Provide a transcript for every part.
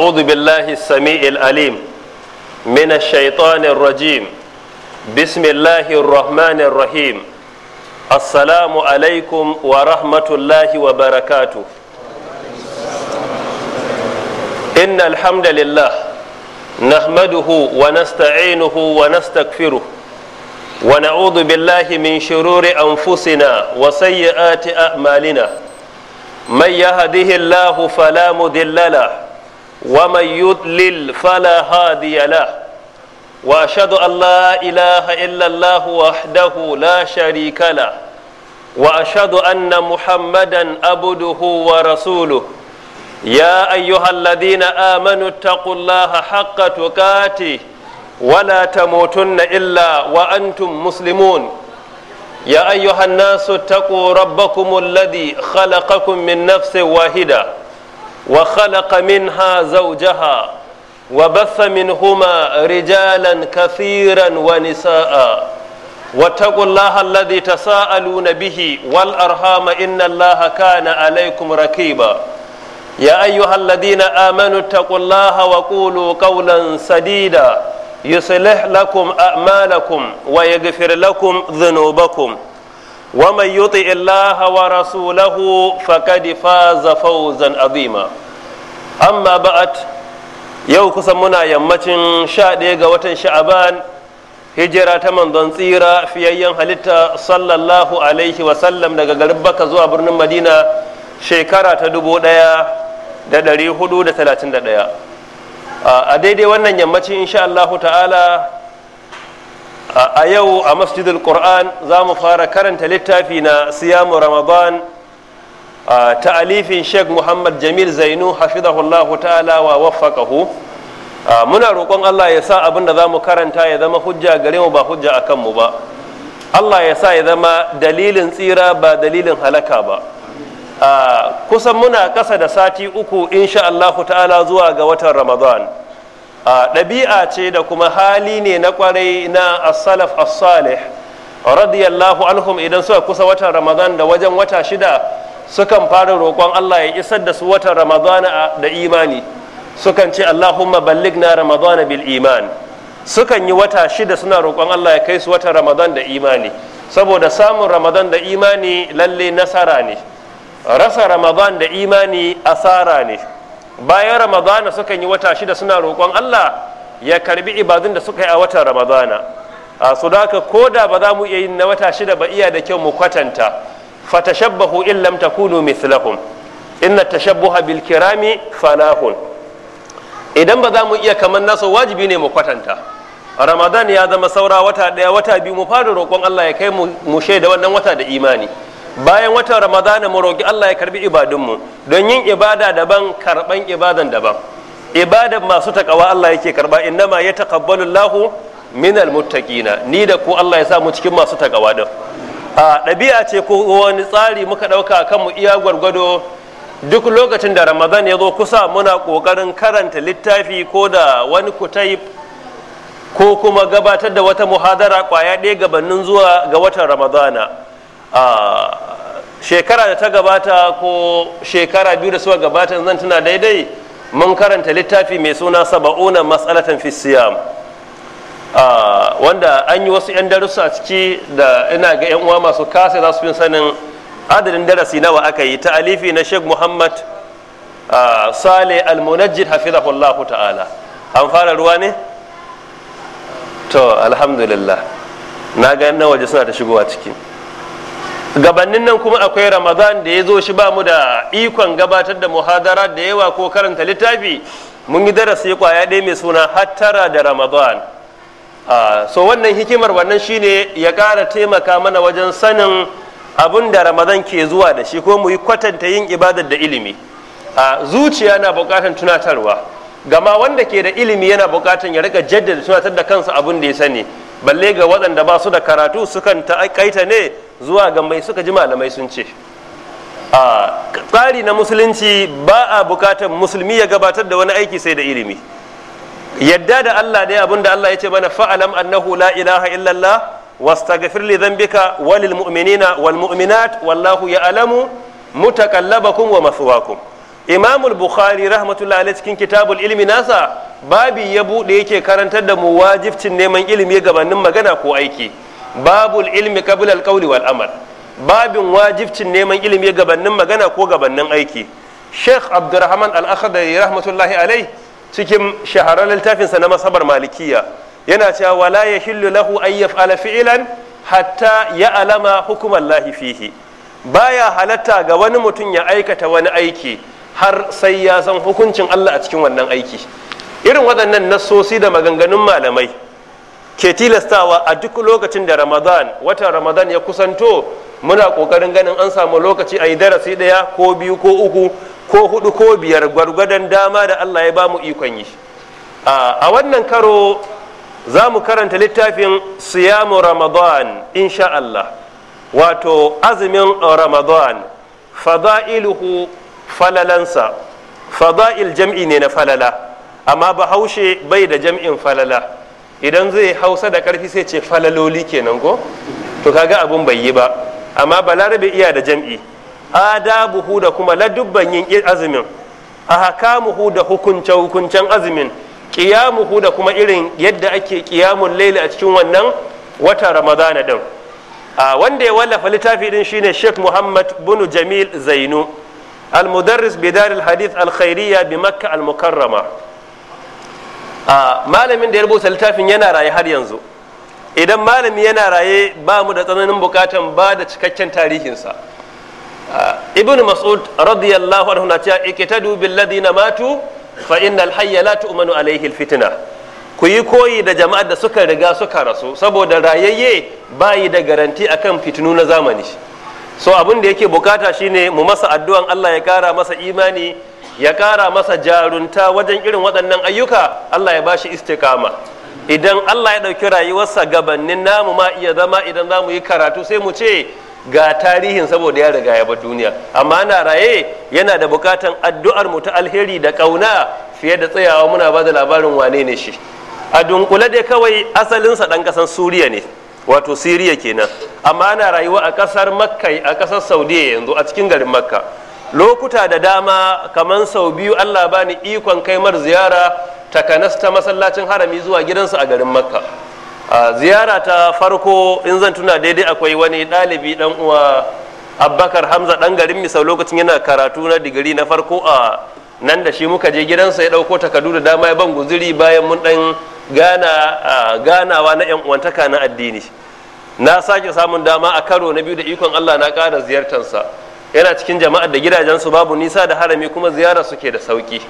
أعوذ بالله السميع العليم من الشيطان الرجيم بسم الله الرحمن الرحيم السلام عليكم ورحمة الله وبركاته إن الحمد لله نحمده ونستعينه ونستغفره ونعوذ بالله من شرور أنفسنا وسيئات أعمالنا من يهده الله فلا مضل له ومن يضلل فلا هادي له واشهد ان لا اله الا الله وحده لا شريك له واشهد ان محمدا عبده ورسوله يا ايها الذين امنوا اتقوا الله حق تقاته ولا تموتن الا وانتم مسلمون يا ايها الناس اتقوا ربكم الذي خلقكم من نفس واحده وخلق منها زوجها وبث منهما رجالا كثيرا ونساء واتقوا الله الذي تساءلون به والارحام ان الله كان عليكم ركيبا يا ايها الذين امنوا اتقوا الله وقولوا قولا سديدا يصلح لكم اعمالكم ويغفر لكم ذنوبكم ومن يطع الله ورسوله فقد فاز فوزا عظيما أما بعد yau kusan muna yammacin sha ɗaya ga watan sha'aban hijira ta manzon tsira fiyayyen halitta sallallahu alaihi wasallam daga garin baka zuwa birnin madina shekara ta dubu ɗaya da ɗari hudu da talatin da ɗaya a daidai wannan yammacin insha allahu ta'ala a yau a masjidul qur'an za mu fara karanta littafi na siyamu ramadan ta alifin sheikh muhammad jamil zainu hafizahullahu ta'ala wa waffaqahu muna roƙon allah ya sa abin da za mu karanta ya zama hujja gare mu ba hujja akan mu ba allah ya sa ya zama dalilin tsira ba dalilin halaka ba kusan muna ƙasa da sati uku insha allahu ta'ala zuwa ga watan ramadan ɗabi'a ce da kuma hali ne na kwarai na asalaf salaf salih radiyallahu anhum idan suka kusa watan ramadan da wajen wata shida sukan fara roƙon Allah ya isar da su watan ramadan da imani sukan ce Allahumma na ramadan bil iman sukan yi wata shida suna roƙon Allah ya kai su watan ramadan da imani saboda samun ramadan da imani lalle nasara ne rasa ramadan da imani asara ne bayan ramadana sukan yi wata shida suna roƙon allah ya karbi ibadun da suka yi a watan ramadana a su da ko da ba za mu iya yin na wata shida ba iya da kyau mu kwatanta fatashabbahu in lam takunu mithlahum inna tashabbuha bil kirami fanahun idan ba za mu iya kamar nasu wajibi ne mu kwatanta ramadan ya zama saura wata ɗaya, wata biyu mu fara roƙon allah ya kai mu shaida wannan wata da imani bayan watan ramadana mu roƙi Allah ya karbi ibadunmu don yin ibada daban karban ibadan daban ibadan masu takawa Allah yake karba innama ya taqabbalu Allahu min almuttaqina ni da ku Allah ya sa mu cikin masu takawa din a ɗabi'a ce ko wani tsari muka ɗauka kanmu iya gwargwado duk lokacin da ramadan ya zo kusa muna ƙoƙarin karanta littafi ko da wani kutai ko kuma gabatar da wata muhadara ƙwaya ɗaya gabanin zuwa ga watan ramadana a shekara da ta gabata ko shekara biyu da suka gabata zan tuna daidai mun karanta littafi mai suna saba'una mas'alatan fi siyam wanda an yi wasu 'yan darussa a ciki da ina ga 'yan uwa masu kasa za su fi sanin adadin darasi nawa aka yi ta alifi na sheikh muhammad sale almunajjid hafizahullah ta'ala an fara ruwa ne to alhamdulillah na ga yan waje suna ta shigowa ciki gabanin nan kuma akwai ramadan da ya zo shi ba mu da ikon gabatar da muhadara da yawa ko karanta littafi mun yi darasi kwaya ɗaya mai suna hattara da ramadan ah, so wannan hikimar wannan shine ya ƙara taimaka mana wajen sanin abin da ramadan ke zuwa da shi ko mu yi kwatanta yin ibadar da ilimi ah, zuciya na buƙatar tunatarwa gama wanda ke da ilimi yana buƙatar ya rika jaddada tunatar da kansa abin da ya sani balle ga waɗanda ba su da karatu sukan ta'aikaita ne zuwa ga mai suka ji malamai sun ce a tsari na musulunci ba a bukatar musulmi ya gabatar da wani aiki sai da ilimi yadda da Allah ne abin da Allah ya ce mana fa'alam annahu la ilaha illallah wastaghfir li dhanbika walil mu'minina wal mu'minat wallahu ya'lamu mutakallabakum wa maswaakum Imam al-Bukhari rahmatullahi alayhi cikin kitabul ilmi nasa babi ya bude yake karantar da mu wajibcin neman ilimi gabanin magana ko aiki babul ilmi qabla alqawli wal amal babin wajibcin neman ilimi gabannin magana ko gabannin aiki sheikh abdurrahman al-akhdari rahmatullahi alai cikin shahararren littafinsa na masabar malikiya yana cewa wala yahillu lahu ay yaf'ala fi'lan hatta ya'lama lahifihi fihi baya halatta ga wani mutum ya aikata wani aiki har sai ya san hukuncin Allah a cikin wannan aiki irin waɗannan nassosi da maganganun malamai ke tilastawa a duk lokacin da ramadan wata ramadan ya kusanto muna kokarin ganin an samu lokaci a yi darasi daya ko biyu ko uku ko hudu ko biyar gwargwadon dama da allah ya bamu ikon yi a wannan karo za mu karanta littafin siyamu ramadan insha allah wato azumin ramadan fada'iluhu falalansa fada'il jam'i ne na falala amma bahaushe bai da jam'in falala idan zai hausa da karfi sai ce falaloli kenan ko to kaga abun bai yi ba amma balarabe iya da jam'i adabuhu da kuma ladubban yin azumin ahkamuhu da hukunce hukuncen azumin qiyamuhu da kuma irin yadda ake qiyamul laili a cikin wannan wata ramadana din a wanda ya wallafa littafi din shine Sheikh Muhammad bin Jamil Zainu al-mudarris bidar al-hadith al-khairiyya bi Makkah al-mukarrama malamin da ya rubuta littafin yana raye har yanzu idan malami yana raye ba mu da tsananin bukatan ba da cikakken tarihinsa ibn mas'ud radiyallahu anhu na cewa bil ladina matu fa innal hayya la tu'manu alaihi fitna ku yi koyi da jama'ar da suka riga suka rasu saboda rayayye bayi da garanti akan fitinu na zamani so abin da yake bukata shine mu masa addu'an Allah ya kara masa imani ya kara masa jarunta wajen irin waɗannan ayyuka Allah ya bashi istikama idan Allah ya ɗauki rayuwarsa gabanin namu ma iya zama idan za mu yi karatu sai mu ce ga tarihin saboda ya riga ya ba duniya amma na raye yana da bukatan addu'ar mu ta alheri da ƙauna fiye da tsayawa muna ba da labarin wane ne shi a dunkule dai kawai asalinsa ɗan ƙasan suriya ne wato siriya kenan amma ana rayuwa a ƙasar makka a ƙasar saudiya yanzu a cikin garin makka lokuta da dama kamar sau biyu Allah bani ikon kai mar ziyara kanas ta masallacin harami zuwa gidansa a garin makka ziyara ta farko in zan tuna daidai akwai wani ɗalibi dan uwa abbakar hamza ɗan garin misau lokacin yana karatu na digiri na farko a nan da shi muka je gidansa ya ɗauko takardu da dama ya ban guziri bayan mun ɗan gana ganawa na yan uwantaka na addini na sake samun dama a karo na biyu da ikon allah na kara ziyartarsa yana cikin jama'ar da gidajensu babu nisa da harami kuma ziyara suke da sauki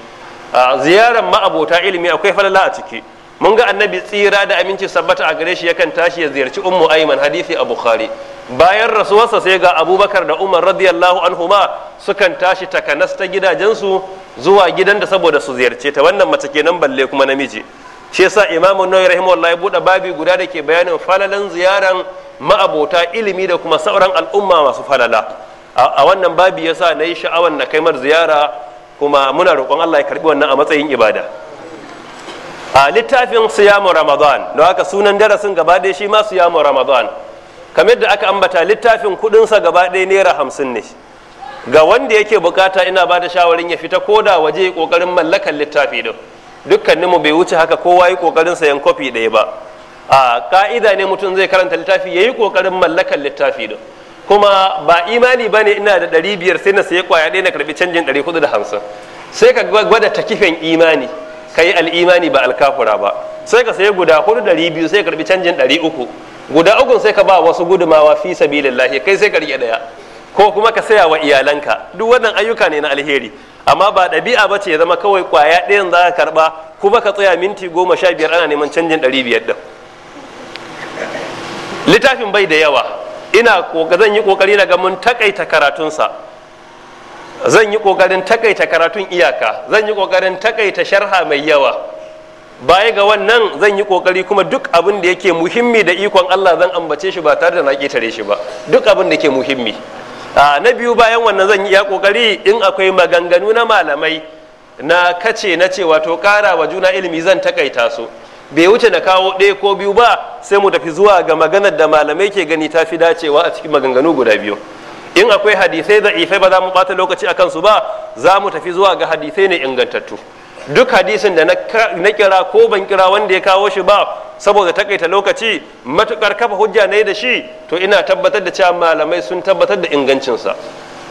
a ziyarar ma'abota ilimi akwai falala a ciki mun ga annabi tsira da aminci sabbata a gare shi yakan tashi ya ziyarci ummu ayman hadisi a bukhari bayan rasuwarsa sai ga abubakar da umar radiyallahu anhuma sukan tashi takanas ta gidajensu zuwa gidan da saboda su ziyarce ta wannan mace kenan balle kuma namiji shi yasa imamu nawawi rahimahullahi buɗe babi guda da ke bayanin falalan ziyaran ma'abota ilimi da kuma sauran al'umma masu falala a wannan babi yasa na yi sha'awan na kaimar ziyara kuma muna roƙon Allah ya karbi wannan a matsayin ibada a littafin siyamu ramadan da haka sunan darasin gaba ɗaya shi ma siyamu ramadan kamar da aka ambata littafin kuɗinsa gaba ɗaya naira hamsin ne ga wanda yake bukata ina ba da shawarin ya fita ko da waje ƙoƙarin mallakan littafi dukkanin mu bai wuce haka kowa yi kokarin sayan kofi ɗaya ba a ka'ida ne mutum zai karanta littafi ya yi ƙoƙarin mallakan littafi ɗin kuma ba imani ba ne ina da ɗari biyar sai na sayi kwaya ɗaya na karɓi canjin ɗari hudu da hamsin sai ka gwada kifin imani ka yi al'imani ba alkafura ba sai ka sayi guda hudu ɗari biyu sai ka karɓi canjin ɗari uku guda ukun sai ka ba wasu gudumawa fi sabilillahi kai sai ka riƙe ɗaya ko kuma ka saya wa iyalanka duk wannan ayyuka ne na alheri amma ba ɗabi'a ba ce ya zama kawai kwaya ɗayan za ka karɓa kuma ka tsaya minti goma sha biyar ana neman canjin ɗari biyar ɗin littafin bai da yawa ina zan yi kokari daga mun takaita karatunsa zan yi kokarin takaita karatun iyaka zan yi kokarin takaita sharha mai yawa baya ga wannan zan yi kokari kuma duk abin da yake muhimmi da ikon Allah zan ambace shi ba tare da na ketare shi ba duk abin da ke muhimmi a na biyu bayan wannan zan yi ya kokari in akwai maganganu na malamai na kace na ce wato kara wa juna ilimi zan takaita su bai wuce na kawo ɗaya ko biyu ba sai mu tafi zuwa ga maganar da malamai ke gani ta fi dacewa a cikin maganganu guda biyu in akwai hadisai da ifai ba za mu bata lokaci a kansu ba za mu tafi zuwa ga hadisai ne ingantattu duk hadisin da na kira ko ban kira wanda ya kawo shi ba saboda takaita lokaci matukar kafa hujja ne da shi to ina tabbatar da cewa malamai sun tabbatar da ingancinsa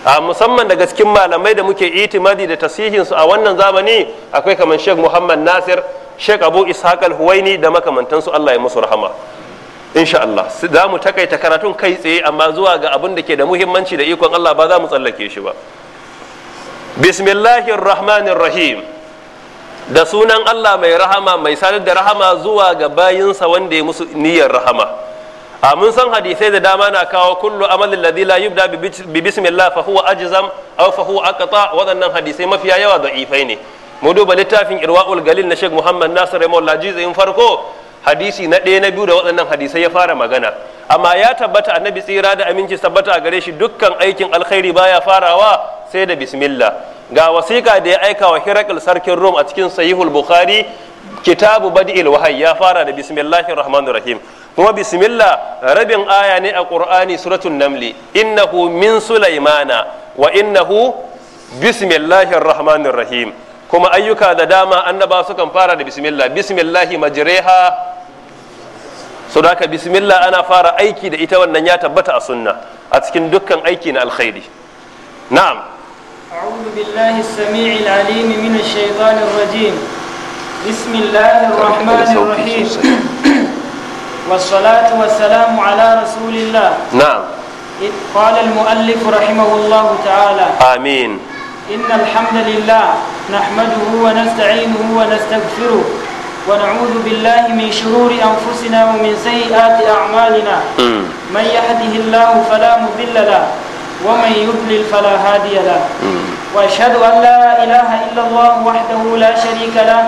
a musamman daga cikin malamai da muke itimadi da tasihinsu a wannan zamani akwai kamar sheikh muhammad nasir sheik abu ishaq al-huwaini da makamantansu allah ya musu rahama insha Allah za mu takaita karatun kai tsaye amma zuwa ga abin da ke da muhimmanci da ikon Allah ba za mu tsallake shi ba bismillahir rahmanir rahim da sunan Allah mai rahama mai sadar da rahama zuwa ga bayinsa wanda ya musu niyyar rahama a mun san hadisai da dama na kawo kullu amalin ladhi la yubda bi bismillah fa huwa ajzam aw fa huwa aqta wadannan hadisai mafiya yawa da'ifai ne mu duba littafin irwa'ul galil na sheikh muhammad nasir rahimahullah jizin farko hadisi na ɗaya na biyu da waɗannan hadisai ya fara magana amma ya tabbata annabi tsira da aminci tabbata a gare shi dukkan aikin alkhairi baya farawa sai da bismillah ga wasiƙa da ya aika wa hirakil sarkin rom a cikin sahihul bukhari kitabu badil wahayi ya fara da bismillahir rahmanir rahim kuma bismillah rabin aya ne a qur'ani suratul namli innahu min sulaimana wa innahu bismillahir rahmanir rahim kuma ayyuka da dama annaba sukan fara da bismillah bismillahi majreha so da bismillah ana fara aiki da ita wannan ya tabbata a sunna a cikin dukkan aiki na alkhairi na'am أعوذ بالله السميع العليم من الشيطان الرجيم بسم الله الرحمن الرحيم والصلاة والسلام على رسول الله نعم قال المؤلف رحمه الله تعالى آمين إن الحمد لله نحمده ونستعينه ونستغفره ونعوذ بالله من شرور أنفسنا ومن سيئات أعمالنا من يهده الله فلا مضل له ومن يضلل فلا هادي له وأشهد أن لا إله إلا الله وحده لا شريك له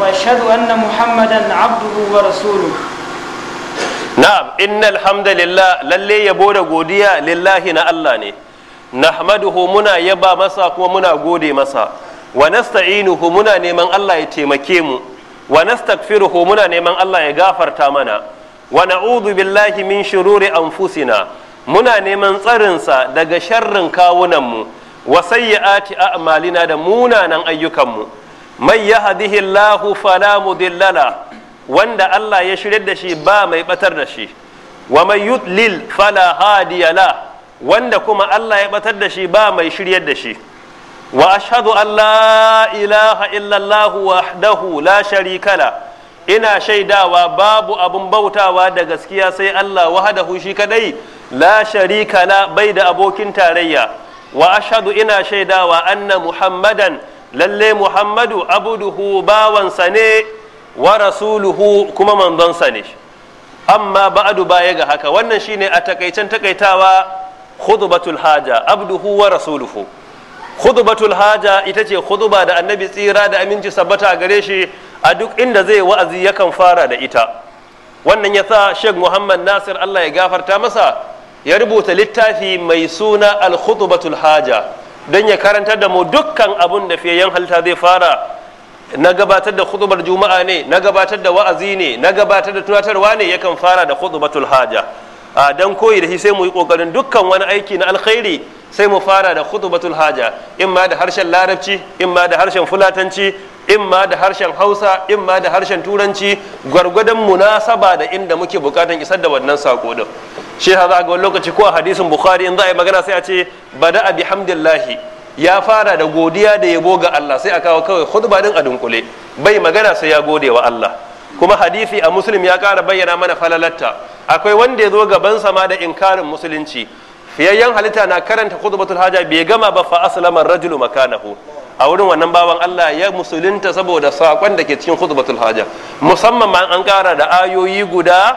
وأشهد أن محمدا عبده ورسوله na'am innal hamdalillah lalle yabo da godiya lillahi na Allah ne nahmaduhu muna yaba masa kuma muna gode masa wa nasta'inuhu muna neman Allah ya taimake mu wa nastaghfiruhu muna neman Allah ya gafarta mana wa na'udhu billahi min shururi anfusina muna neman tsarinsa daga sharrin kawunan mu wa sayyiati a'malina da munanan ayyukan mu may yahdihillahu fala mudillala wanda Allah ya shirye da shi ba mai batar da shi wa may yudlil fala hadiya wanda kuma Allah ya batar da shi ba mai shiryar da shi wa ashhadu an la ilaha illallah wahdahu la sharika la ina shaidawa babu abun bautawa da gaskiya sai Allah wahdahu shi kadai la sharika la bai da abokin tarayya wa ashhadu ina shaidawa anna muhammadan lalle muhammadu abuduhu bawansa ne wa rasuluhu kuma manzonsa ne amma ba'adu baya ga haka wannan shine a takaicen takaitawa khudbatul haja abduhu wa rasuluhu khudbatul haja ita ce khudba da annabi tsira da aminci sabbata a gare shi a duk inda zai wa'azi yakan fara da ita wannan ya sa sheikh muhammad nasir allah ya gafarta masa ya rubuta littafi mai suna al-khutbatul haja don ya karantar da mu dukkan abun da fiyayyen halta zai fara na gabatar da khutbar juma'a ne na gabatar da wa'azi ne na gabatar da tunatarwa ne yakan fara da khutbatul haja a dan koyi da shi sai mu yi kokarin dukkan wani aiki na alkhairi sai mu fara da khutbatul haja imma da harshen larabci imma da harshen fulatanci imma da harshen hausa imma da harshen turanci gwargwadon munasaba da inda muke bukatan isar da wannan sako din shi ha za ga wani lokaci ko a hadisin bukhari in za a yi magana sai a ce bada bi hamdillahi ya fara da godiya da yabo ga Allah sai a kawo kawai khutba din a dunkule bai magana sai ya gode wa Allah kuma hadisi a muslim ya kara bayyana mana falalatta akwai wanda ya zo gaban sama da inkarin musulunci fiyayyen halitta na karanta khutbatul haja bai gama ba fa aslama rajulu makanahu a wurin wannan bawan Allah ya musulunta saboda sakon da ke cikin khutbatul haja musamman ma an kara da ayoyi guda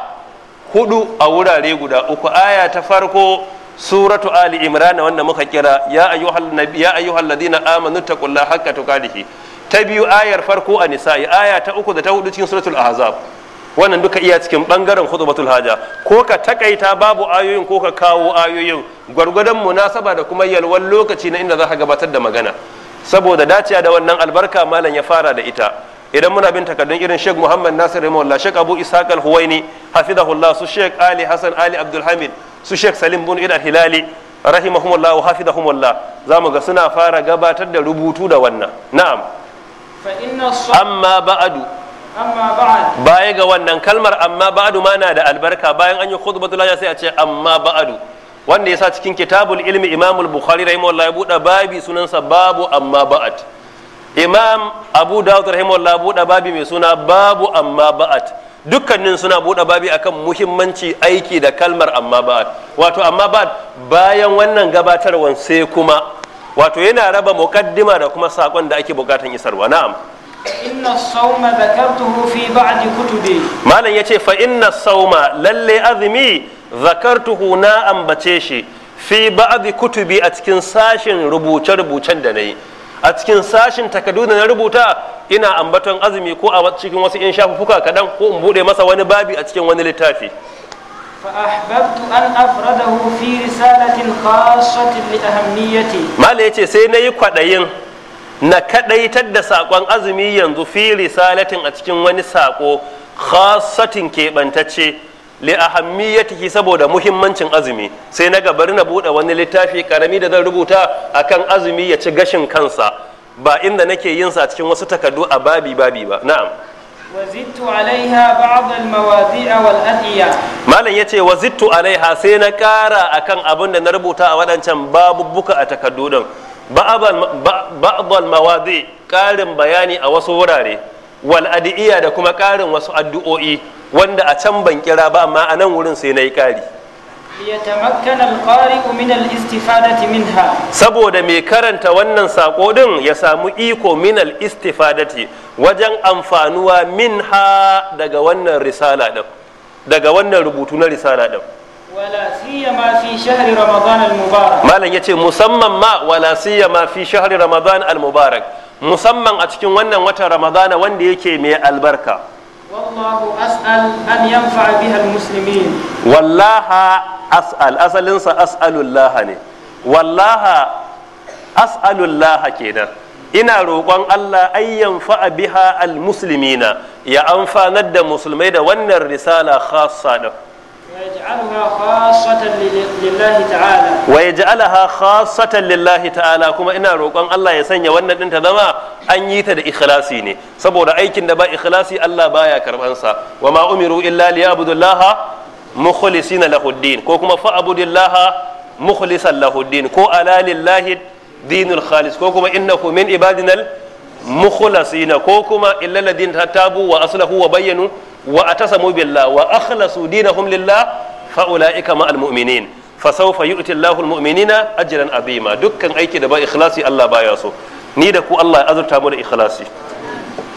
hudu a wurare guda uku aya ta farko suratu ali imran wanda muka kira ya ayyuhal nabi ya ayyuhal ladina amanu taqullaha haqqa tuqatih ta biyu ayar farko a nisa nisa'i aya ta uku da ta hudu cikin suratul ahzab wannan duka iya cikin bangaren khutbatul haja ko ka takaita babu ayoyin ko ka kawo ayoyin gwargwadon munasaba da kuma yalwan lokaci na inda za ka gabatar da magana saboda dacewa da wannan albarka malam ya fara da ita idan muna bin takardun irin Sheikh Muhammad Nasir Rahimahullah Sheikh Abu Ishaq Al-Huwaini hafidahullah su Sheikh Ali Hassan Ali Abdul Hamid su Sheikh Salim bin Idar Hilali rahimahumullah wa hafizahumullah zamu ga suna fara gabatar da rubutu da wannan na'am amma ba'adu baya ga wannan kalmar amma ba'adu ma na da albarka bayan an yi khutbatul hajja sai a ce amma ba'adu wanda yasa cikin kitabul ilmi imam al-bukhari rahimahullah ya buɗe babi sunansa babu amma ba'ad imam abu dawud rahimahullah buɗe babi mai suna babu amma ba'ad dukkanin suna buɗe babi akan muhimmanci aiki da kalmar amma ba'ad wato amma ba'ad bayan wannan gabatarwan sai kuma wato yana raba mukaddima da kuma sakon da ake bukatan isarwa na'am inna sauma zakartuhu fi ba'di kutubi malam yace fa inna sauma lalle azumi zakartuhu na ambace shi fi ba'di kutubi a cikin sashin rubuce rubucen da nayi a cikin sashin takardu da na rubuta ina ambaton azumi ko a cikin wasu in shafufuka kadan ko in bude masa wani babi a cikin wani littafi فأحببت أن أفرده في رسالة خاصة لأهميته ما ليتي سينا يقعدين na kadaitar da saƙon azumi yanzu fi risalatin a cikin wani saƙo khasatin keɓantacce li ahammiyatihi saboda muhimmancin azumi sai na bari na buɗe wani littafi karami da zan rubuta akan azumi ya ci gashin kansa ba inda nake yin sa cikin wasu takardu a babi babi ba na'am malam ya ce wa alaiha sai na kara a kan abin da na rubuta a waɗancan babubbuka a takardunan ba'adwal mawazi ƙarin bayani a wasu wurare wal'adi'iya da kuma ƙarin wasu addu'o'i wanda a can ban kira ba amma a nan wurin sai na yi ƙari saboda mai karanta wannan sako din ya samu iko min al-istifadati wajen amfanuwa minha daga wannan risala din daga wannan rubutu na risala din malam ya ce musamman ma wala siyama fi shahri ramadan almubarak musamman a cikin wannan watan ramadana wanda yake mai albarka wallahu as'al wallaha as'al asalin sa ne wallaha as'alullah kenan ina roƙon Allah ayyan fa'a biha almuslimina ya amfanar da musulmai da wannan risala khassa din wa ya ja'alaha khasatan lillahi ta'ala kuma ina roƙon Allah ya sanya wannan ɗin ta zama an yi ta da ikhlasi ne saboda aikin da ba ikhlasi Allah baya karɓansa wa ma umiru illa liyabudullaha mukhlisina lahuddin ko kuma fa'budillaha mukhlisan lahuddin ko ala lillahi dinul khalis ko kuma innahu min ibadinal mukhlasina ko kuma illal ladina tabu wa aslahu wa bayyanu wa atasamu billah wa akhlasu dinahum lillah fa ulaika ma al mu'minin fa sawfa yu'ti Allahu al mu'minina ajran azima dukkan aiki da ba ikhlasi Allah baya so ni da ku Allah ya azurta mu da ikhlasi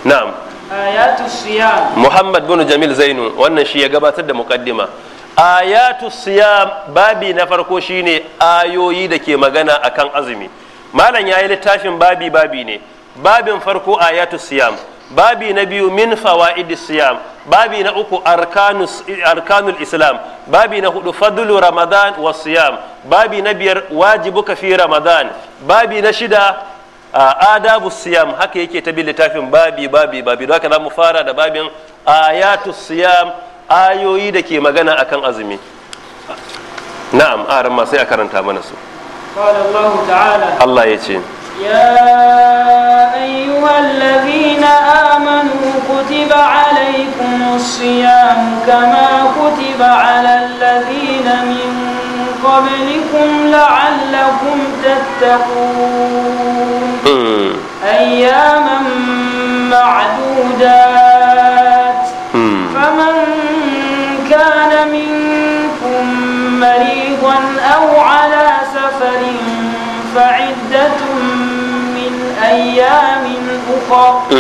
na'am ayatu siyam Muhammad bin Jamil Zainu wannan shi ya gabatar da muqaddima ayatu siyam babi na farko shine ayoyi da ke magana akan azumi malam yayi littafin babi babi ne babin farko ayatu siyam babi na biyu min fawaid siyam babi na uku arkanul islam babi na hudu fadlu ramadan wa siyam babi na biyar wajibuka fi ramadan babi na shida adabu siyam haka yake ta bi littafin babi babi babi don haka mu fara da babin ayatu siyam ayoyi da ke magana akan azumi na'am aran ma sai a karanta mana su Allah ya ce يا أيها الذين آمنوا كتب عليكم الصيام كما كتب على الذين من قبلكم لعلكم تتقون أياما معدودات أيام أخر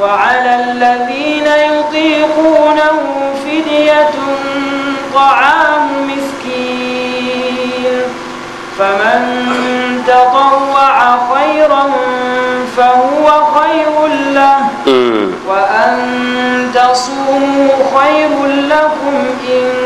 وعلى الذين يطيقونه فدية طعام مسكين فمن تطوع خيرا فهو خير له وأن تصوموا خير لكم إن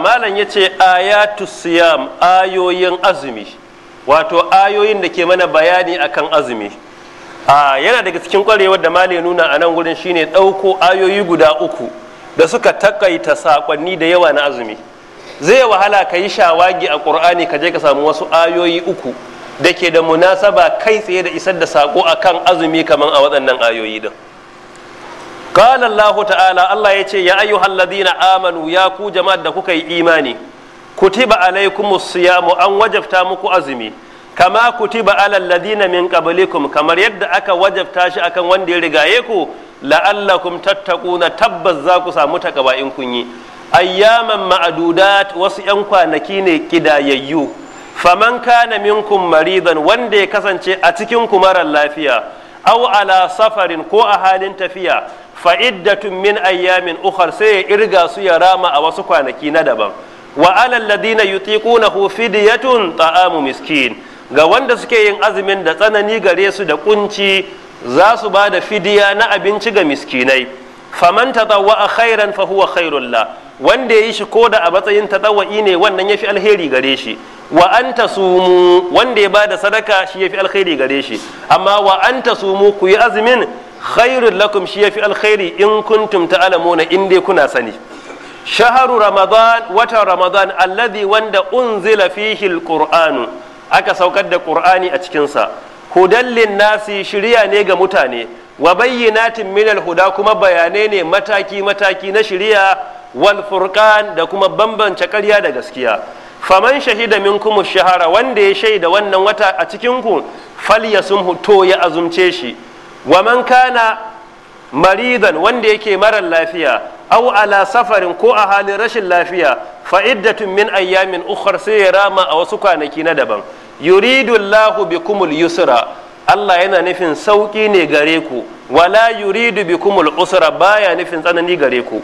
malam ya ce ayatu siyam ayoyin azumi wato ayoyin da ke mana bayani akan azumi yana daga cikin kwarewar da malam nuna a nan gurin shine ɗauko ayoyi guda uku da suka takaita saƙonni da yawa na azumi zai wahala ka yi shawagi a ƙur'ani ka je ka samu wasu ayoyi uku da ke da munasaba kai tsaye da isar da saƙo akan azumi kamar a waɗannan ayoyi din qala allah ta'ala allah yace ya ayyuhal ladina amanu ya ku jama'a da kuka yi imani kutiba alaikumus siyamu an wajabta muku azumi kama kutiba alal ladina min qablikum kamar yadda aka wajabta shi akan wanda ya rigaye ku la'allakum tattaquna tabbas za ku samu takawa in kun yi ayyaman ma'adudat wasu yan kwanaki ne kidayayyu faman kana minkum maridan wanda ya kasance a cikin ku marar lafiya aw ala safarin ko a halin tafiya fa'iddatun min ayyamin ukhar sai ya irga su ya rama a wasu kwanaki na daban wa alal ladina ya fidyatun ta'amu miskin ga wanda suke yin azumin da tsanani gare su da kunci za su ba da fidiya na abinci ga miskinai faman tatawwa khairan fa huwa khairul la wanda yi shi ko da a matsayin ta tatawwa'i ne wannan yafi alheri gare shi wa an sumu wanda ya ba da sadaka shi ya fi alheri gare shi amma wa an sumu ku yi azumin khairul lakum shi yafi alkhairi in kuntum ta'lamuna in dai kuna sani shaharu ramadan watan ramadan alladhi wanda unzila fihi alqur'anu aka saukar da qur'ani a cikin sa hudan linnasi shirya ne ga mutane wa bayyinatin min alhuda kuma bayanai ne mataki mataki na shirya wal furqan da kuma bambance ƙarya da gaskiya faman shahida minkum shahara wanda ya shaida wannan wata a cikin ku falyasumhu to ya azumce shi wa man kana maridan wanda yake marar lafiya aw ala safarin ko a halin rashin lafiya fa iddatun min ayyamin ukhra sai ya rama a wasu kwanaki na daban yuridullahu bikumul yusra Allah yana nufin sauki ne gare ku wala yuridu bikumul usra baya nufin tsanani gare ku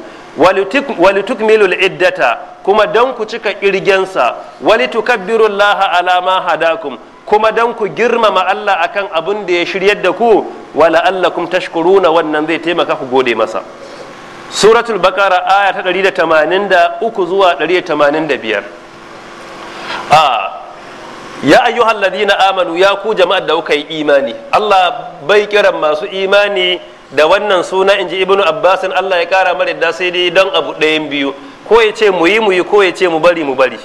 walitukmilul iddata kuma don ku cika kirgensa walitukabbirullaha ala ma hadakum kuma don ku girmama Allah akan abin da ya shiryar da ku wala kum tashkuruna wannan zai taimaka ku gode masa suratul bakara aya ta 183 zuwa 185 a ya ayyuhal ladina amanu ya ku jama'ar da kuka yi imani Allah bai kiran masu imani da wannan suna inji ibnu abbasin Allah ya kara mara da sai dai don abu ɗayan biyu ko ya ce mu yi mu yi ko ya ce mu bari mu bari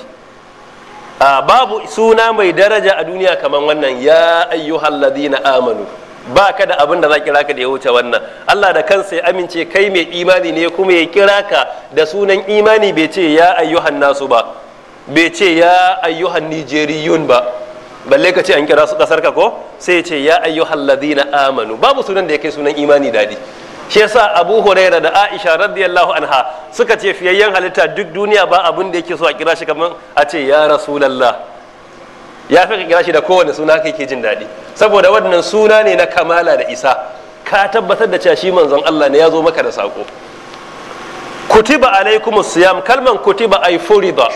Ah, babu suna mai daraja a duniya kamar wannan ya ayyuhan ladina amanu ba ka da abin da za kira ka da ya wuce wannan Allah da kansa ya amince kai mai imani ne kuma ya kira ka da sunan imani bai ce ya ayyuhan nasu ba bai ce ya ayyuhan nijeriyun ba balle ka ce an kira su kasar ka ko sai ya ce ya ayyuhan ladina amanu babu sunan da ya kai sunan imani dadi shi yasa abu huraira da aisha radiyallahu anha suka ce fiyayyen halitta duk duniya ba abin da yake so a kira shi kamar a ce ya rasulallah ya fi kira shi da kowane suna kai ke jin daɗi saboda wannan suna ne na kamala da isa ka tabbatar da cewa shi manzon Allah ne ya zo maka da sako kutiba alaikumus siyam kalman kutiba ay furida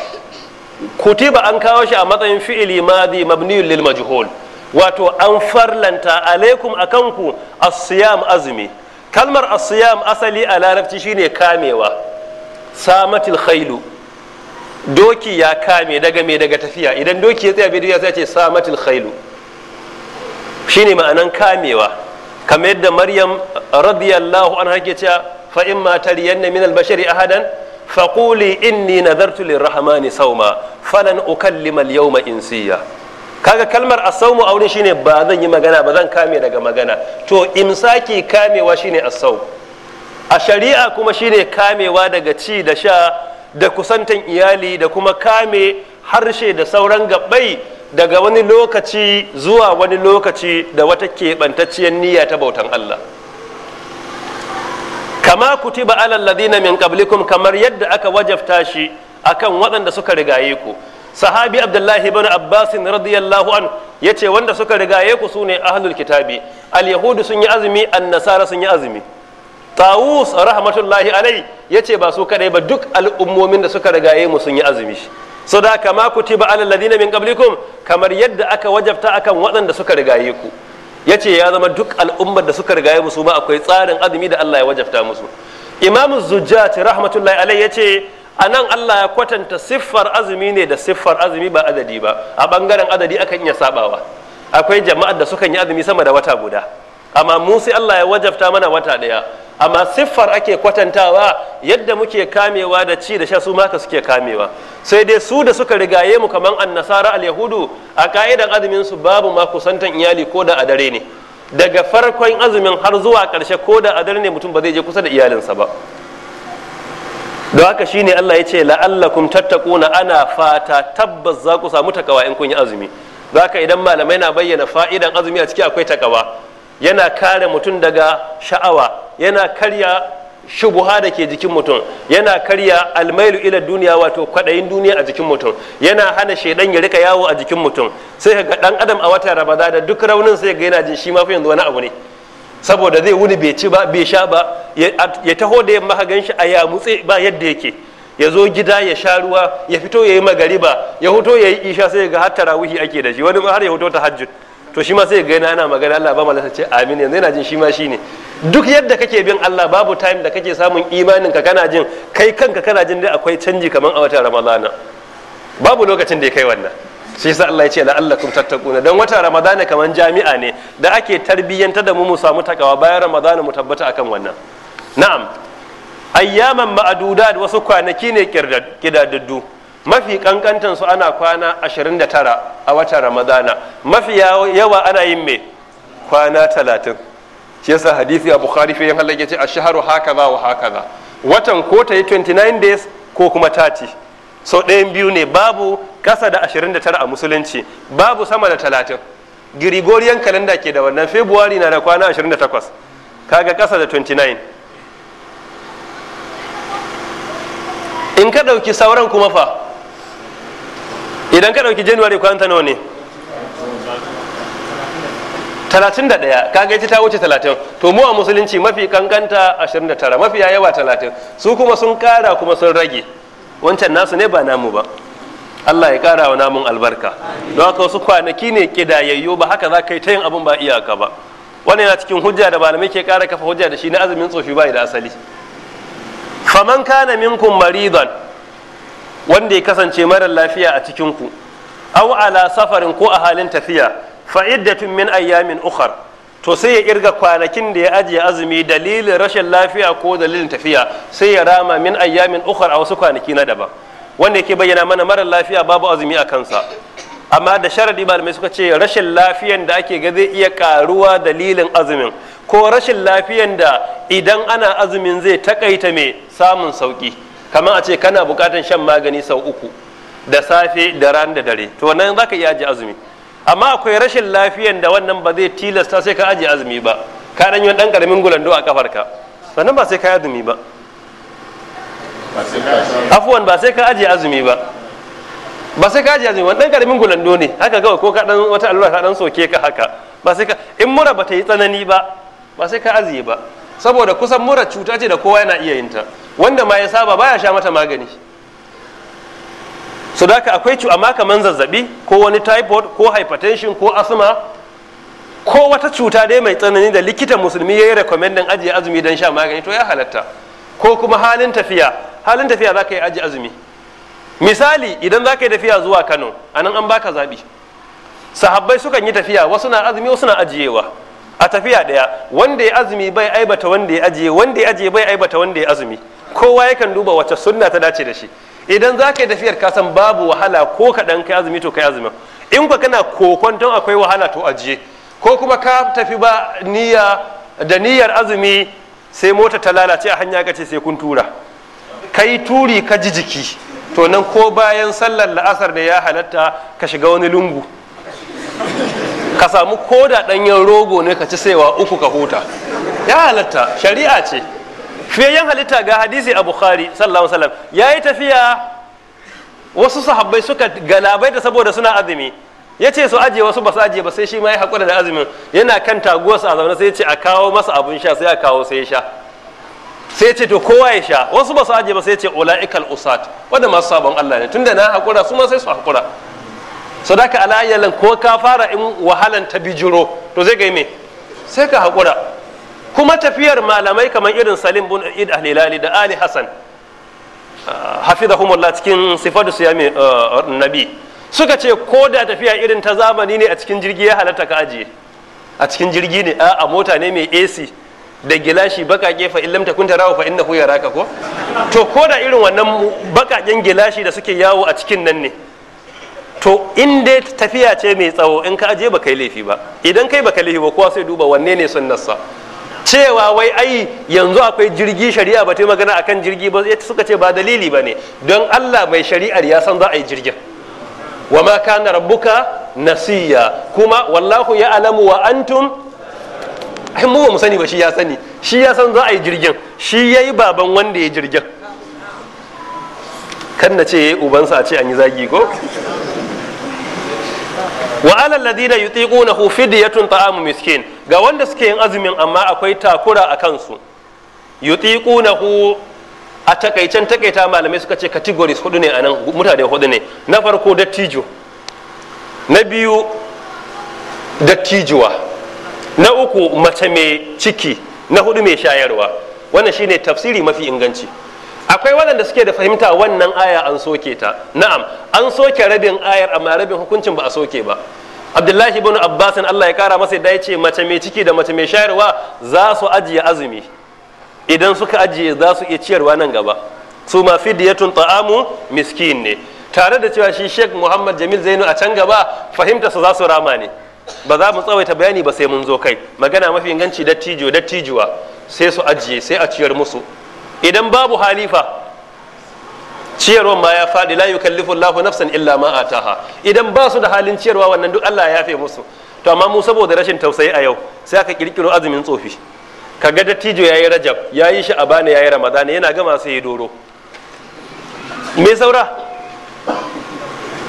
kutiba an kawo shi a matsayin fi'ili madi mabniyun lil majhul wato an farlanta alaikum akanku as-siyam azumi kalmar asiyam asali a larabci shine kamewa samatil khailu doki ya kame daga mai daga tafiya idan doki ya tsaya bai tafiya sai ce samatil khailu shine ma'anan kamewa kamar yadda maryam radiyallahu anha ke cewa fa in ma tariyanna min al-bashari ahadan quli inni nadartu lirrahmani sawma falan ukallima al-yawma insiya kaga kalmar asawmu aure shine ba zan yi magana ba zan kame daga magana to imsaki kamewa shine asau a shari'a kuma shine kamewa daga ci da sha da kusantan iyali da kuma kame harshe da sauran gabbai daga wani lokaci zuwa wani lokaci da wata keɓantacciyar niyya ta bautan Allah kama kutiba alal ladina min qablikum kamar yadda aka wajabta shi akan waɗanda suka rigaye ku sahabi abdullahi ibn abbas radiyallahu an yace wanda suka rigaye ku sune ahlul kitabi al yahudu sun yi azumi an nasara sun yi azumi tawus rahmatullahi alai yace ba su kadai ba duk al'ummomin da suka rigaye mu sun yi azumi so da kama kutiba alal ladina min qablikum kamar yadda aka wajabta akan waɗanda suka rigaye ku yace ya zama duk al'ummar da suka rigaye su ma akwai tsarin azumi da Allah ya wajabta musu imamu zujjat rahmatullahi alai yace a nan Allah ya kwatanta siffar azumi ne da siffar azumi ba adadi ba a bangaren adadi akan iya sabawa akwai jama'ar da sukan yi azumi sama da wata guda amma mu sai Allah ya wajabta mana wata daya amma siffar ake kwatantawa yadda muke kamewa da ci da sha su maka suke kamewa sai dai su da suka rigaye mu kaman annasara alyahudu a ka'idan azumin su babu ma kusantan iyali ko da a dare ne daga farkon azumin har zuwa karshe ko da a dare ne mutum ba zai je kusa da iyalinsa ba don haka shine Allah ya ce la'allakum tattaquna ana fata tabbas za ku samu takawa in kun yi azumi zaka idan malamai na bayyana fa'idan azumi a ciki akwai takawa yana kare mutum daga sha'awa yana karya shubuha da ke jikin mutum yana karya almailu ila duniya wato kwaɗayin duniya a jikin mutum yana hana shaidan ya rika yawo a jikin mutum sai ka ga dan adam a watan ramadana duk raunin sai ga yana jin shi ma fa yanzu wani abu ne saboda zai wuni bai ci ba bai sha ba ya taho da yamma ka ganshi a yamutse ba yadda yake ya zo gida ya sha ruwa ya fito ya yi magariba ya huto ya yi isha sai ga har tarawihi ake da shi wani ma har ya hoto tahajjud to shi ma sai ga yana magana Allah ba malaka ce amin yanzu yana jin shi ma shine duk yadda kake bin Allah babu time da kake samun imanin ka kana jin kai kanka kana jin dai akwai canji kaman a watan Ramadana babu lokacin da ya kai wannan shi yasa Allah ya ce la'allakum tattaquna dan wata ramadana kaman jami'a ne da ake tarbiyyanta da mu mu samu takawa bayan ramadana mu tabbata akan wannan na'am ayyaman ma'adudat wasu kwanaki ne kidadaddu mafi kankantan su ana kwana 29 a wata ramadana mafi yawa ana yin me kwana 30 shi yasa hadisi a bukhari fiye halaka ce a haka hakaza wa hakaza watan ko ta yi 29 days ko kuma 30 so ɗayan biyu ne babu kasa da 29 a musulunci babu sama da 30 Gregorian calendar ke da wannan February na da kwana 28 kaga kasa da 29 in ka ɗauki sauran kuma fa idan ka ɗauki January kwanta nawa ne 31 kaga ita ta wuce 30 to mu a musulunci mafi kankanta 29 mafi yawa 30 su kuma sun kara kuma sun rage wancan nasu ne ba namu ba Allah ya kara wa namun albarka don haka wasu kwanaki ne kidayayyo ba haka za ka yi ta yin abin ba iyaka ba wani yana cikin hujja da malamai ke kara kafa hujja da shi na azumin tsofi bai da asali faman kana minkum maridan wanda ya kasance mara lafiya a cikin ku aw ala safarin ko a halin tafiya fa iddatun min ayyamin ukhar to sai ya kirga kwanakin da ya ajiye azumi dalilin rashin lafiya ko dalilin tafiya sai ya rama min ayyamin ukhar a wasu kwanaki na daban wanda yake bayyana mana mara lafiya babu azumi a kansa amma da sharadi malamai suka ce rashin lafiyan da ake ga zai iya karuwa dalilin azumin ko rashin lafiyan da idan ana azumin zai takaita mai samun sauki kamar a ce kana bukatan shan magani sau uku da safe da ran da dare to wannan zaka iya aje azumi amma akwai rashin lafiyan da wannan ba zai tilasta sai ka aje azumi ba ka dan yi dan karamin gulando a kafarka sannan ba sai ka yi azumi ba afuwan ba sai ka ajiye azumi ba ba sai ka ajiye azumi wani dan karamin gulando ne haka kawai ko ka dan wata allura ka dan soke ka haka ba sai ka in mura ba ta yi tsanani ba ba sai ka ajiye ba saboda kusan mura cuta ce da kowa yana iya yin ta wanda ma ya saba baya sha mata magani su da akwai cu amma kamar zazzabi ko wani typhoid ko hypertension ko asma ko wata cuta dai mai tsanani da likitan musulmi ya yi recommending ajiye azumi don sha magani to ya halatta ko kuma halin tafiya halin tafiya za ka yi aji azumi misali idan za ka yi tafiya zuwa kano anan an baka zaɓi sahabbai sukan yi tafiya wasu na azumi wasu na ajiyewa a tafiya ɗaya wanda ya azumi bai aibata wanda ya ajiye wanda ya ajiye bai aibata wanda ya azumi kowa yakan duba wacce sunna ta dace da shi idan za ka yi tafiyar ka san babu wahala ko kaɗan kai azumi to kai azumin in ka kana kokonton akwai wahala to ajiye ko kuma ka tafi ba niyya da niyyar azumi sai mota ta lalace a hanya ka ce sai kun tura kai turi ka ji jiki to nan ko bayan sallar la'asar da ya halatta ka shiga wani lungu ka samu koda ɗanyen rogo ne ka ci saiwa uku ka huta ya halatta shari'a ce yan halitta ga hadisi a bukhari sallallahu alaihi ya yi tafiya wasu sahabbai suka galabai da saboda suna azumi ya ce su ajiye wasu ba su ajiye ba sai shi ma ya haƙura da azumin yana kan taguwarsa a zaune sai ya ce a kawo masa abin sha sai a kawo sai sha sai ce to kowa ya sha wasu ba su aje ba sai ce ula'ikal usat wanda masu sabon Allah ne tunda na hakura su ma sai su hakura sadaka ka ayyalan ko ka fara in wahalan ta bijiro to zai ga me sai ka hakura kuma tafiyar malamai kamar irin Salim bin Id al da Ali Hassan ah, hafizahumullah cikin sifatu siyami ah, nabi suka ce ko da tafiya irin ta zamani ne a cikin jirgi ya halatta ka ajiye a cikin jirgi ne a mota ne mai AC da gilashi baka fa illam kunta tarahu fa innahu yaraka ko to ko da irin wannan bakaƙen gilashi da suke yawo a cikin nan ne to in dai tafiya ce mai tsawo in ka aje baka yi laifi ba idan kai baka laifi ba kowa sai duba wanne ne sunnarsa cewa wai ai yanzu akwai jirgi shari'a ba ta magana akan jirgi ba suka ce ba dalili ba ne don Allah mai shari'ar ya san za a yi jirgin wa ma kana rabbuka nasiya kuma wallahu ya alamu wa antum ai mu ba mu sani ba shi ya sani shi ya san za a yi jirgin shi ya yi baban wanda ya jirgin kan na ce ya eh, yi a ce an yi zagi ko wa alal ladina yutiqunahu fidyatun ta'amu miskin ga wanda suke yin azumin amma akwai takura a kansu yutiqunahu a takaicen takaita malamai suka ce categories hudu ne anan mutane hudu ne na farko dattijo na biyu dattijuwa na uku mace mai ciki na hudu mai shayarwa wannan shine tafsiri mafi inganci akwai waɗanda suke da fahimta wannan aya an soke ta na'am an soke rabin ayar amma rabin hukuncin ba a soke ba abdullahi ibn abbas Allah ya kara masa da ya ce mace mai ciki da mace mai shayarwa za su ajiye azumi idan suka ajiye za su iya ciyarwa nan gaba su ma fidiyatun ta'amu miskin ne tare da cewa shi sheikh muhammad jamil zainu a can gaba su za su rama ne ba za mu tsawaita bayani ba sai mun zo kai magana mafi inganci dattijo dattijuwa sai su ajiye sai a ciyar musu idan babu halifa ciyarwan ma ya faɗi la yukallifu Allahu nafsan illa ma ataha idan ba su da halin ciyarwa wannan duk Allah ya yafe musu to amma mu saboda rashin tausayi a yau sai aka kirkiro azumin tsofi kaga dattijo yayi rajab yayi bana yayi ramadana yana gama sai ya doro me saura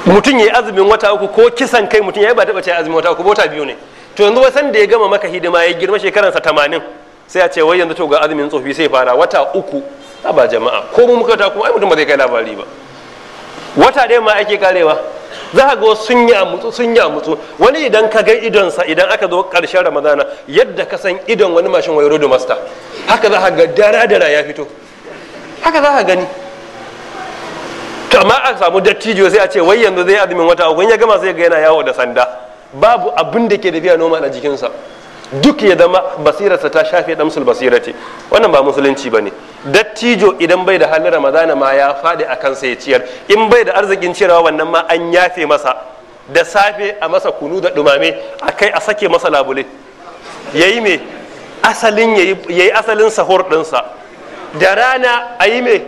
mutum ya yi azumin wata uku ko kisan kai mutum ya yi ba taɓa ce azumin wata uku bota biyu ne to yanzu wasan da ya gama maka hidima ya girma shekaransa tamanin sai a ce wai yanzu to ga azumin tsofi sai fara wata uku a ba jama'a ko mu muka ta kuma ai mutum ba zai kai labari ba wata ɗaya ma ake karewa za ka ga sun yi a mutu sun yi a mutu wani idan ka ga idonsa idan aka zo karshen ramadana yadda ka san idon wani mashin wayo rodo master haka za ka ga dara dara ya fito haka za ka gani to amma a samu dattijo sai a ce wai yanzu zai azumin wata uku ya gama sai ga yana yawo da sanda babu abin da ke da biya noma a sa duk ya zama basirarsa ta shafe damsul ce wannan ba musulunci ba ne dattijo idan bai da halin ramadana ma ya fadi a kansa ya ciyar in bai da arzikin ciyarwa wannan ma an yafe masa da safe a masa kunu da dumame a kai a sake masa labule ya me asalin ya yi asalin sahur dinsa da rana a yi me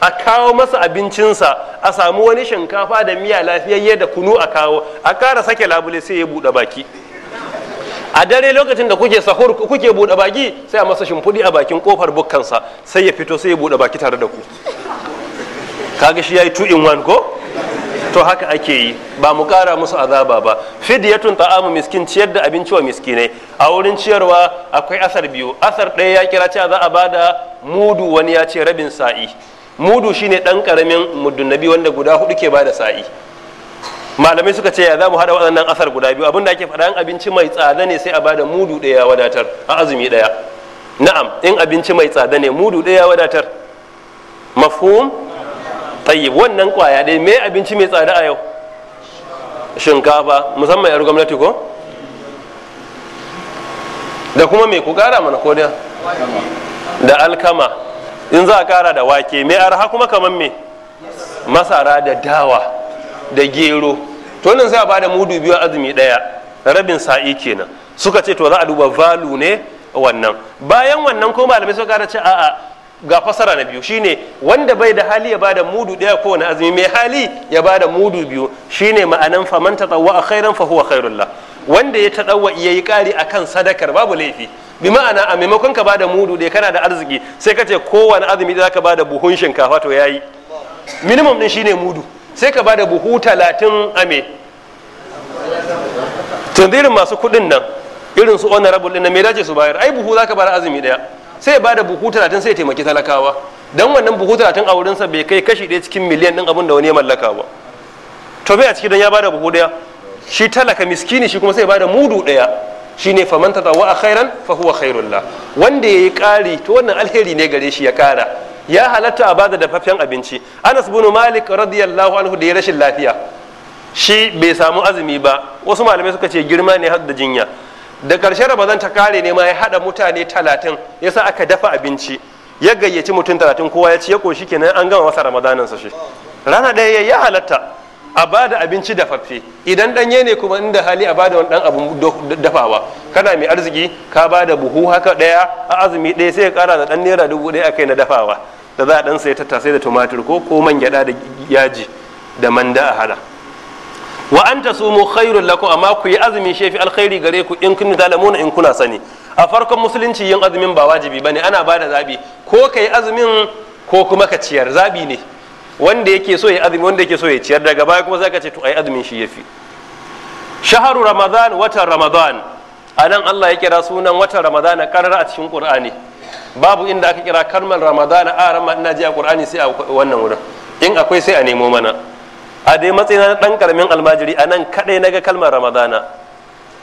a kawo masa abincinsa a samu wani shinkafa da miya lafiyayye da kunu a kawo a kara sake labule sai ya buɗe baki a dare lokacin da kuke sahur kuke buɗe baki sai a masa shimfiɗi a bakin kofar bukkansa sai ya fito sai ya buɗe baki tare da ku kaga shi yayi two in ko to haka ake yi ba mu kara musu azaba ba fidyatun ta'amu miskin ciyar da abinci wa miskinai a wurin ciyarwa akwai asar biyu asar ɗaya ya kira cewa za a bada mudu wani ya ce rabin sa'i mudu shine dan karamin muddun nabi wanda guda hudu ke bada sa'i malamai suka ce ya za mu hada waɗannan asar guda biyu abinda ake faɗa abinci mai tsada ne sai a bada mudu ɗaya wadatar a azumi ɗaya na'am in abinci mai tsada ne mudu ɗaya wadatar mafhum tayyib wannan kwaya dai me abinci mai tsada a yau shinkafa musamman yar gwamnati ko da kuma me ku kara mana ko da alkama in za a kara da wake mai arha kuma kamar mai masara da dawa da gero to nan sai a bada mudu biyu azumi daya rabin sa'i kenan suka ce to za a duba valu ne wannan bayan wannan ko malamai suka kara ce a'a ga fasara na biyu shine wanda bai da hali ya bada mudu daya ko wani azumi mai hali ya bada mudu biyu shine ma'anan faman a khairan fa huwa khairullah wanda ya taɗawa iya yi ƙari a kan sadakar babu laifi bi ma'ana a maimakon ka bada mudu da kana da arziki sai ka ce kowane azumi da zaka bada buhun shinkafa to yayi minimum din shine mudu sai ka bada buhu talatin a me tunzirin masu kuɗin nan irin su honorable ɗin nan me dace su bayar ai buhu za ba bada azumi ɗaya? sai bada buhu talatin sai taimaki talakawa dan wannan buhu talatin a wurinsa bai kai kashi ɗaya cikin miliyan ɗin abin da wani ya mallaka ba to bai a ciki don ya bada buhu daya shi talaka miskini shi kuma sai bada mudu daya shine faman wa khairan fa huwa khairul la wanda yayi kari to wannan alheri ne gare shi ya kara ya halatta a bada dafaffen abinci Anas bin Malik radiyallahu anhu da ya rashin lafiya shi bai samu azumi ba wasu malamai suka ce girma ne hadda da jinya da karshe Ramadan ta kare ne ma ya haɗa mutane 30 yasa aka dafa abinci ya gayyaci mutum talatin kowa ya ci ya koshi kenan an gama masa Ramadanansa shi rana daya ya halatta a ba da abinci dafaffe idan ɗanye ne kuma inda hali a ba da wani ɗan abin dafawa kana mai arziki ka ba da buhu haka ɗaya a azumi ɗaya sai ya kara da ɗan naira dubu ɗaya kai na dafawa da za a ɗan sai tattasai da tumatir ko ko man gyaɗa da yaji da manda a hada wa an ta sumu khairun lako amma ku yi azumi shefi alkhairi gare ku in kun talamuna in kuna sani a farkon musulunci yin azumin ba wajibi bane ana ba da zaɓi ko ka yi azumin ko kuma ka ciyar zaɓi ne wanda yake so ya azumi wanda yake so ya ciyar daga baya kuma zaka ce to ai azumin shi yafi shaharu ramadan watan ramadan anan Allah ya kira sunan watan ramadan karar a cikin qur'ani babu inda aka kira kalmar ramadan a ah, rama ina ji a qur'ani sai a wannan wurin in akwai sai a nemo mana a dai matsayina na dan karamin almajiri anan kadai naga kalmar ramadana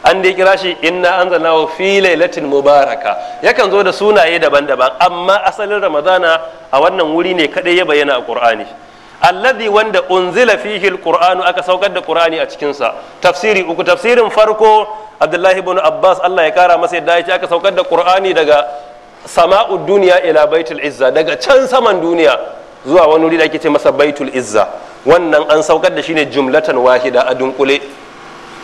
an dai kira shi inna anzalnahu fi lailatin mubaraka yakan zo da sunaye daban-daban amma asalin ramadana a wannan wuri ne kadai ya bayyana a qur'ani alladhi wanda unzila fihi alqur'anu aka saukar da qur'ani a cikin sa tafsiri uku tafsirin farko abdullahi ibn abbas Allah ya kara masa yadda yake aka saukar da qur'ani daga sama'ud duniya ila baitul izza daga can saman duniya zuwa wani wuri da ake ce masa baitul izza wannan an saukar da shi ne jumlatan wahida a dunkule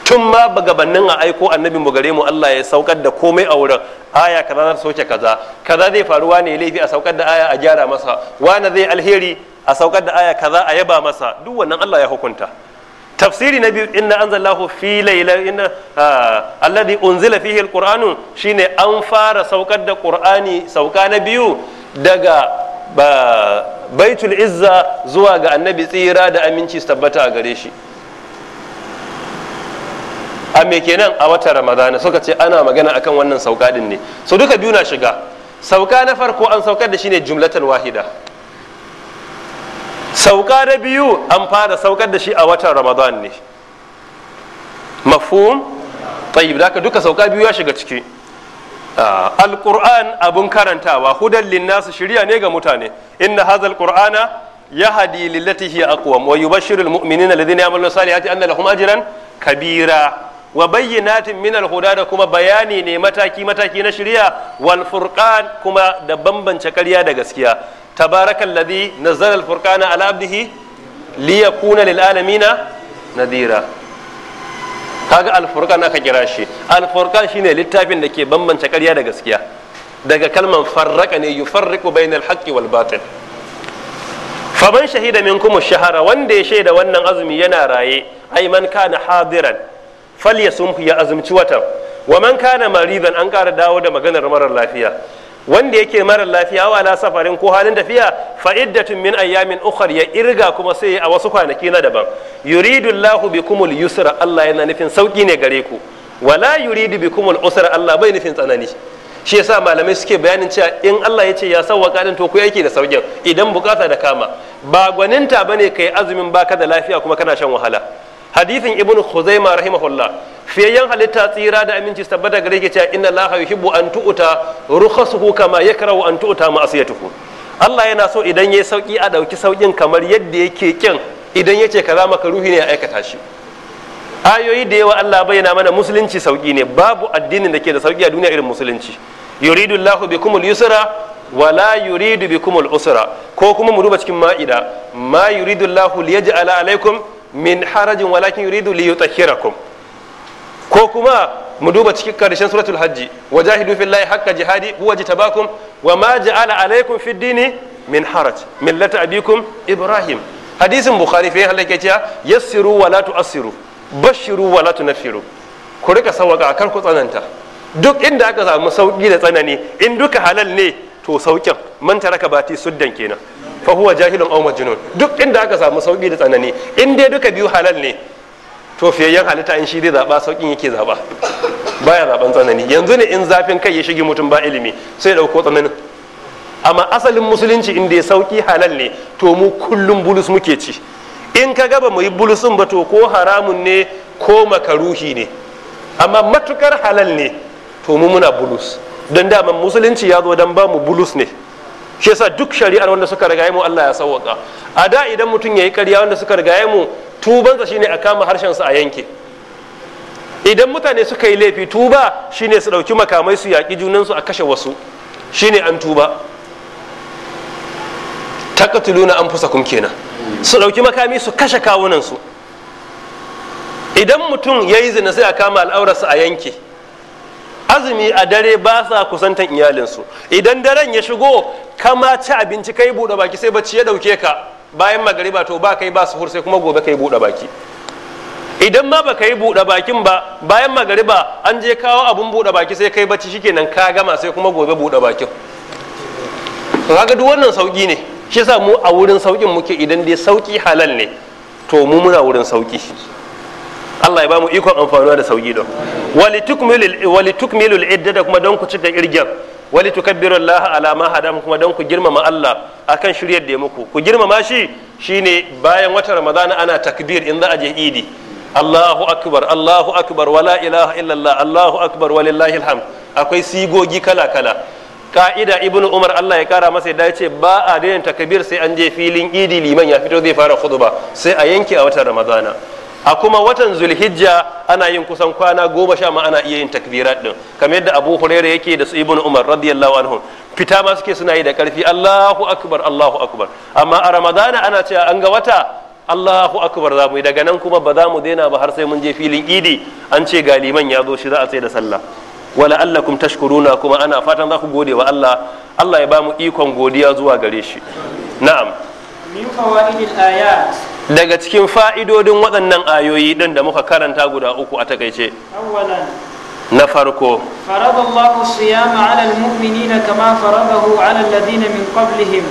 tun ma gabanin a aiko annabi mu gare mu Allah ya saukar da komai a wurin aya kaza za ta soke kaza kaza zai faruwa ne laifi a saukar da aya a gyara masa wani zai alheri a saukar da aya kaza a yaba masa duk wannan Allah ya hukunta tafsiri na biyu inna anzalahu fi layla inna ah, alladhi unzila fihi alqur'anu shine an fara saukar da qur'ani sauka na biyu daga baitul izza zuwa ga annabi tsira da aminci su tabbata a gare shi a me kenan a watan ramadana suka ce ana magana akan wannan sauka din ne so duka biyu na shiga sauka na farko an saukar da shine jumlatan wahida sauka na biyu an fara saukar da shi a watan ramadan ne mafhum tsayi da duka sauka biyu ya shiga ciki ah, alkur'an abun karantawa hudan su shirya ne ga mutane inna hadhal qur'ana hadi lillati hiya aqwam wa yubashshiru almu'minina alladhina yamalu salihati anna lahum ajran kabira wa bayyinatin min alhuda da kuma bayani ne mataki mataki na shirya. wal furqan kuma da bambance karya da gaskiya tabarakal ladhi nazzala al-furqana ala abdihi liyakuna lil alamina nadira kaga al aka kira shi al shine littafin da ke bambance ƙarya da gaskiya daga kalman farraka ne yufarriqu bainal haqqi wal batil man shahida minkum shahara wanda ya shaida wannan azumi yana raye ai man kana hadiran falyasum ya azumci watan wa man kana maridan an ƙara dawo da maganar marar lafiya wanda yake mara lafiya wa la safarin ko halin tafiya fa iddatun min ayyamin ukhra ya irga kuma sai a wasu kwanaki na daban yuridullahu bikumul yusra Allah yana nufin sauki ne gare ku wala yuridu bikumul usra Allah bai nufin tsanani shi yasa malamai suke bayanin cewa in Allah ya ce ya sauwaka din to ku yake da saukin idan bukata da kama ba gwaninta bane kai azumin baka da lafiya kuma kana shan wahala hadisin ibn khuzaima rahimahullah fiyayyan halitta tsira da aminci tabbata gare ke cewa inna allaha yuhibbu an tu'ta rukhasuhu kama yakrahu an tu'ta ma'asiyatuhu Allah yana so idan yayi sauki a dauki saukin kamar yadda yake kin idan yace kaza maka ruhi ne ya aikata shi ayoyi da yawa Allah bayyana mana musulunci sauki ne babu addinin da ke da sauki a duniya irin musulunci yuridu Allahu bikumul yusra wala yuridu bikumul usra ko kuma mu duba cikin ma'ida ma yuridu Allahu liyaj'ala alaikum min harajin walakin yuridu li yutahhirakum ko kuma mu duba cikin karshen suratul hajji wajahidu fillahi haqqa jihadi huwa jitabakum wa ma ja'ala alaykum fid dini min haraj millata abikum ibrahim hadisin bukhari fi ke cewa yassiru wa la tu'assiru bashiru wa la ku rika sawaka kar ku tsananta duk inda aka samu sauki da tsanani in duka halal ne to saukin man taraka bati suddan kenan fa huwa jahilun aw majnun duk inda aka samu sauki da tsanani in dai duka biyu halal ne to fiyayyen halitta in shi zai zaba saukin yake zaba baya zaban tsanani yanzu ne in zafin kai ya shige mutum ba ilimi sai dauko tsananin amma asalin musulunci inda ya sauki halal ne to mu kullum bulus muke ci in ka gaba mu yi bulusun ba to ko haramun ne ko makaruhi ne amma matukar halal ne to mu muna bulus don dama musulunci ya zo don ba mu bulus ne shi yasa duk shari'ar wanda suka riga mu Allah ya sauwaka a da idan mutum ya yi ƙarya wanda suka riga mu tubansa shine a kama harshen sa a yanke idan mutane suka yi laifi tuba shine su ɗauki makamai su yaƙi junansu a kashe wasu shine an tuba taqtuluna anfusakum kenan su ɗauki makami su kashe kawunan su idan mutum yayi zina sai a kama al'aurarsa a yanke azumi a dare ba sa kusantan iyalinsu idan daren ya shigo kama ci abinci kai buɗe baki sai bacci ya dauke ka bayan magariba to ba kai ba suhur sai kuma gobe kai buɗe baki idan ma baka yi buɗe bakin ba bayan magariba an je kawo abun buɗe baki sai kai bacci shikenan ka gama sai kuma gobe buɗe bakin kaga duk wannan sauki ne shi sa mu a wurin saukin muke idan dai sauki halal ne to mu muna wurin sauki Allah ya ba mu ikon amfanuwa da sauki don tukmilu al'idda da kuma don ku cika irgen walitukabbiru Allah ala ma hadam kuma don ku girmama Allah akan shiryar da muku ku girmama shi shine bayan watan Ramadana ana takbir in za a je idi Allahu akbar Allahu akbar wala ilaha illallah Allahu akbar walillahi alhamd akwai sigogi kala kala ka'ida ibnu umar Allah ya kara masa ya ce ba a daina takbir sai an je filin idi liman ya fito zai fara khutba sai a yanke a watan ramadana a kuma watan zulhijja ana yin kusan kwana goma sha ma ana iya yin takbirat din kamar yadda abu huraira yake da su ibn umar radiyallahu anhu fita ma suke suna yi da karfi allahu akbar allahu akbar amma a ramadana ana cewa an ga wata allahu akbar za mu yi daga nan kuma ba za mu daina ba har sai mun je filin idi an ce ga liman ya zo shi za a sai da sallah wala allakum tashkuruna kuma ana fatan za ku gode wa allah allah ya ba mu ikon godiya zuwa gare shi na'am daga cikin fa'idodin waɗannan ayoyi ɗin da muka karanta guda uku a takaice na farko faradallahu siya ala almu'minina kama faradahu ala alladhina min qablihim